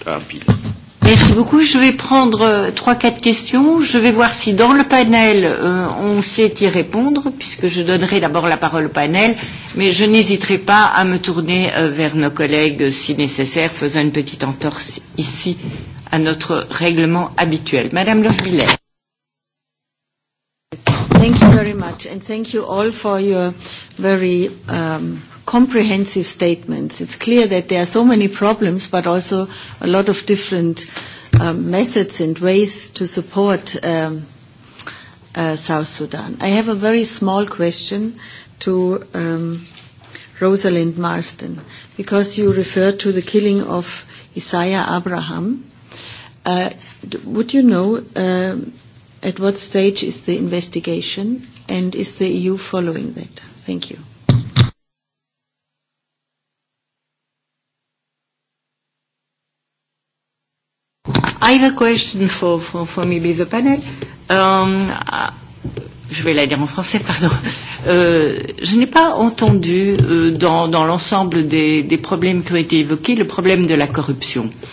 S4: Rapide.
S8: Merci beaucoup. Je vais prendre trois, quatre questions. Je vais voir si dans le panel, on sait y répondre, puisque je donnerai d'abord la parole au panel, mais je n'hésiterai pas à me tourner vers nos collègues si nécessaire, faisant une petite entorse ici à notre règlement habituel. Madame Lochbiller.
S1: Thank you very much, and thank you all for your very comprehensive statements. It's clear that there are so many problems, but also a lot of different methods and ways to support South Sudan. I have a very small question to Rosalind Marston, because you referred to the killing of Isaiah Abraham. Would you know At what stage is the investigation and is the EU following that? Thank you.
S8: I have a question for, for, for maybe the panel. Um, je vais la dire en français, pardon. Euh, je n'ai pas entendu euh, dans, dans l'ensemble des, des problèmes qui ont été évoqués le problème de la corruption. Euh,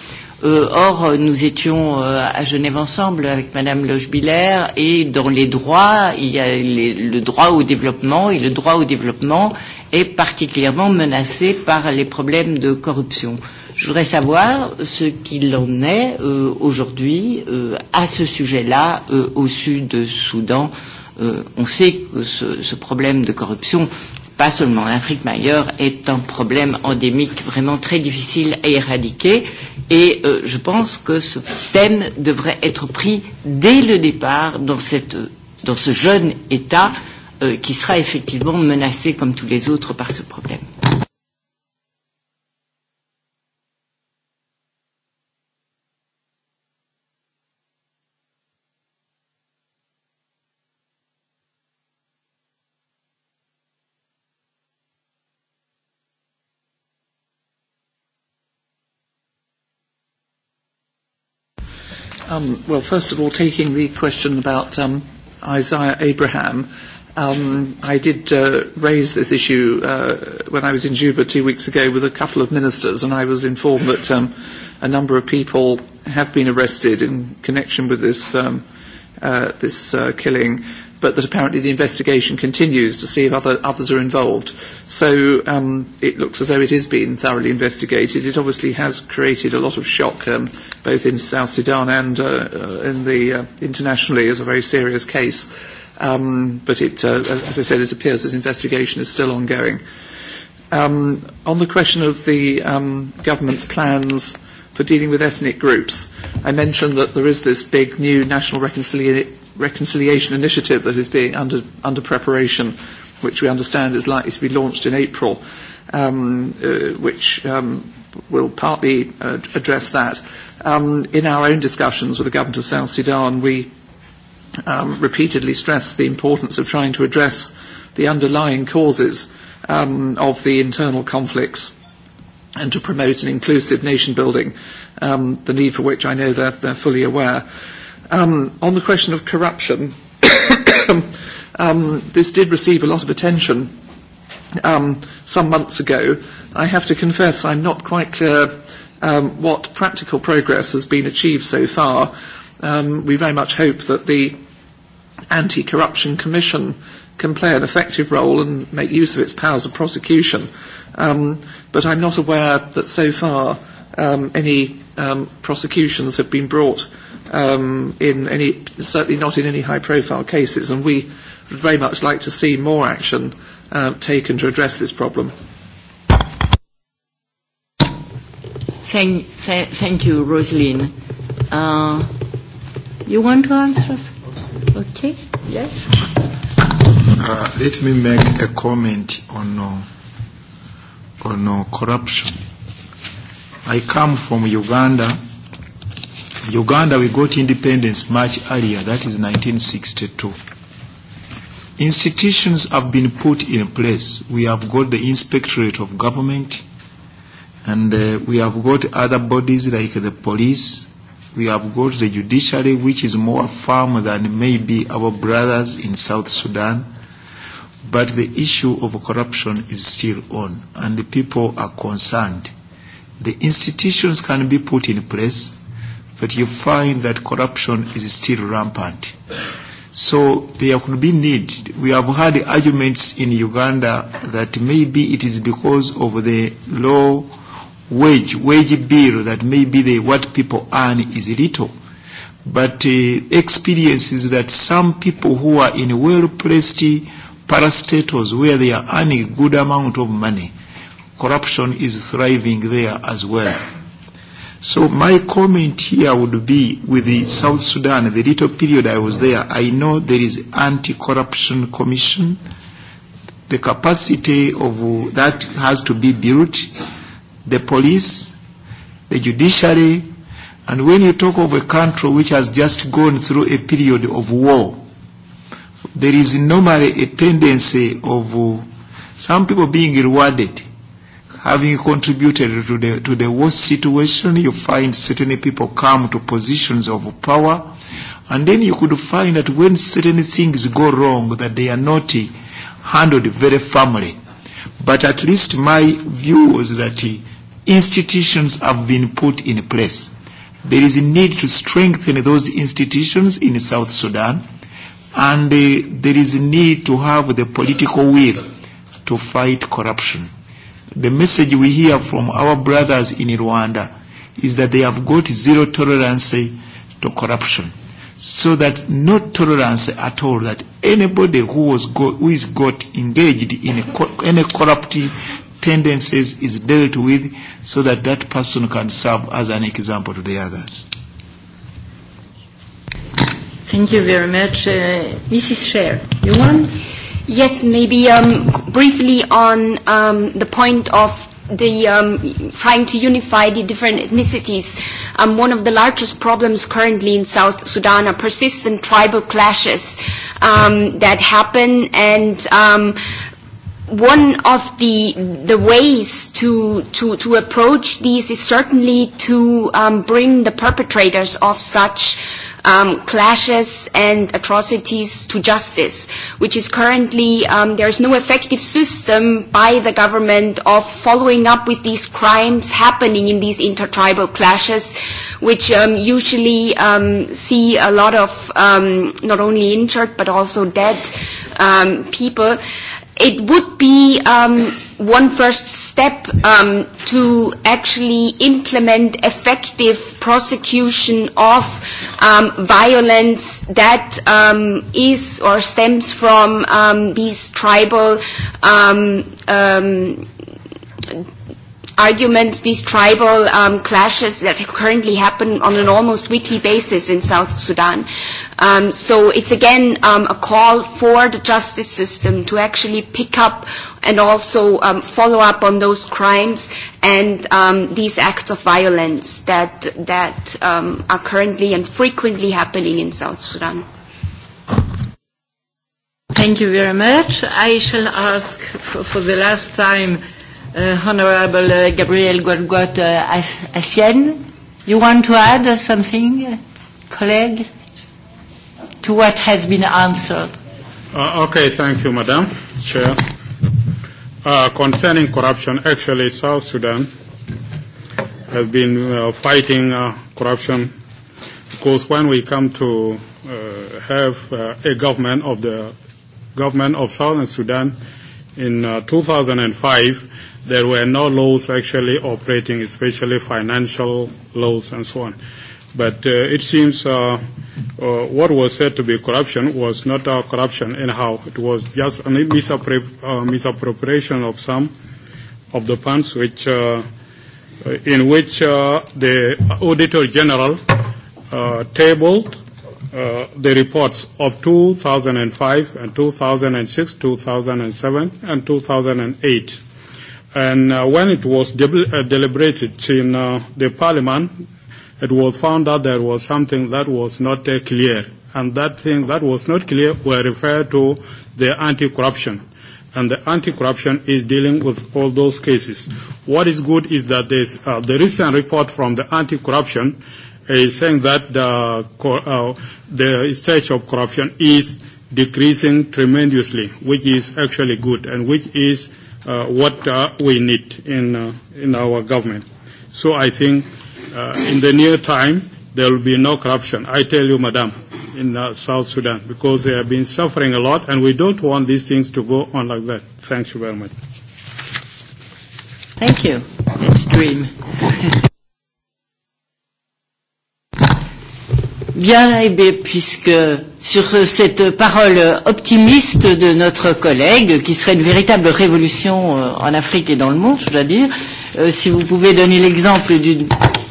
S8: Or, nous étions à Genève ensemble avec Madame Biller et dans les droits, il y a le droit au développement et le droit au développement est particulièrement menacé par les problèmes de corruption. Je voudrais savoir ce qu'il en est aujourd'hui à ce sujet-là au sud Soudan. On sait que ce problème de corruption pas seulement en Afrique mais ailleurs, est un problème endémique vraiment très difficile à éradiquer et je pense que ce thème devrait être pris dès le départ dans ce jeune État qui sera effectivement menacé comme tous les autres par ce problème.
S9: Well, first of all, taking the question about Isaiah Abraham, I did raise this issue when I was in Juba two weeks ago with a couple of ministers, and I was informed that a number of people have been arrested in connection with this this killing but that apparently the investigation continues to see if other others are involved. So it looks as though it is being thoroughly investigated. It obviously has created a lot of shock, both in South Sudan and in the internationally, as a very serious case. But it, as I said, it appears that investigation is still ongoing. On the question of the government's plans for dealing with ethnic groups, I mentioned that there is this big new national reconciliation reconciliation initiative that is being under under preparation, which we understand is likely to be launched in April, which will partly address that. In our own discussions with the government of South Sudan, we repeatedly stressed the importance of trying to address the underlying causes of the internal conflicts and to promote an inclusive nation building, the need for which I know they're fully aware. On the question of corruption, this did receive a lot of attention some months ago. I have to confess I'm not quite clear what practical progress has been achieved so far. We very much hope that the Anti-Corruption Commission can play an effective role and make use of its powers of prosecution. But I'm not aware that so far any prosecutions have been brought Um in any, certainly not in any high-profile cases, and we would very much like to see more action taken to address this problem.
S8: Thank, thank you, Rosaline. Uh, you want to answer? Okay,
S11: yes. Uh, let me make a comment on uh, on corruption. I come from Uganda Uganda, we got independence much earlier, that is 1962. Institutions have been put in place. We have got the Inspectorate of Government, and we have got other bodies like the police. We have got the judiciary, which is more firm than maybe our brothers in South Sudan. But the issue of corruption is still on, and the people are concerned. The institutions can be put in place But you find that corruption is still rampant. So there could be need. We have had arguments in Uganda that maybe it is because of the low wage, wage bill, that maybe the, what people earn is little. But experience is that some people who are in well-placed parastatals where they are earning a good amount of money, corruption is thriving there as well. So my comment here would be with the South Sudan, the little period I was there, I know there is anti-corruption commission. The capacity of that has to be built. The police, the judiciary, and when you talk of a country which has just gone through a period of war, there is normally a tendency of some people being rewarded having contributed to the, to the worst situation, you find certain people come to positions of power, and then you could find that when certain things go wrong, that they are not handled very firmly. But at least my view was that institutions have been put in place. There is a need to strengthen those institutions in South Sudan, and there is a need to have the political will to fight corruption the message we hear from our brothers in Rwanda is that they have got zero tolerance to corruption. So that no tolerance at all that anybody who was who is got engaged in any corrupt tendencies is dealt with so that that person can serve as an example to the others.
S8: Thank you very much. Mrs. Sher,
S12: you want?
S10: Yes, maybe briefly on the point of the trying to unify the different ethnicities. One of the largest problems currently in South Sudan are persistent tribal clashes that happen and one of the the ways to to to approach these is certainly to bring the perpetrators of such clashes and atrocities to justice, which is currently there is no effective system by the government of following up with these crimes happening in these intertribal clashes, which usually see a lot of not only injured but also dead people it would be one first step to actually implement effective prosecution of violence that is or stems from these tribal arguments, these tribal clashes that currently happen on an almost weekly basis in South Sudan. So it's again a call for the justice system to actually pick up and also follow up on those crimes and these acts of violence that that are currently and frequently happening in South Sudan.
S8: Thank you very much. I shall ask for the last time Honorable Gabriel uh, Asienne, you want to add something, colleague, to what has been answered?
S12: Okay, thank you, Madam Chair. Concerning corruption, actually South Sudan has been fighting corruption because when we come to have a government of the government of Southern Sudan in 2005, there were no laws actually operating, especially financial laws and so on. But it seems what was said to be corruption was not corruption anyhow. It was just a misappropriation of some of the funds which in which the Auditor General tabled the reports of 2005 and 2006, 2007 and 2008 And when it was deliberated in the Parliament, it was found that there was something that was not clear, and that thing that was not clear were referred to the anti-corruption, and the anti-corruption is dealing with all those cases. What is good is that the recent report from the anti-corruption is saying that the stage of corruption is decreasing tremendously, which is actually good and which is what we need in in our government. So I think in the near time there will be no corruption. I tell you, Madam, in South Sudan, because they have been suffering a lot, and we don't want these things to go on like that. Thank you very much. Thank you. It's dream.
S8: Bien, puisque sur cette parole optimiste de notre collègue, qui serait une véritable révolution en Afrique et dans le monde, je dois dire, si vous pouvez donner l'exemple d'une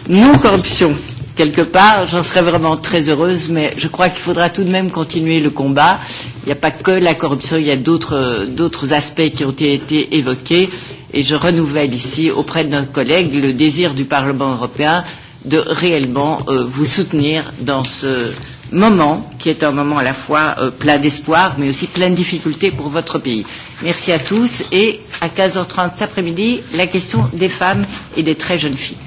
S8: non-corruption quelque part, j'en serais vraiment très heureuse, mais je crois qu'il faudra tout de même continuer le combat. Il n'y a pas que la corruption, il y a d'autres aspects qui ont été évoqués, et je renouvelle ici auprès de notre collègue le désir du Parlement européen de réellement vous soutenir dans ce moment qui est un moment à la fois plein d'espoir mais aussi plein de difficultés pour votre pays. Merci à tous et à 15h30 cet après-midi, la question des femmes et des très jeunes filles.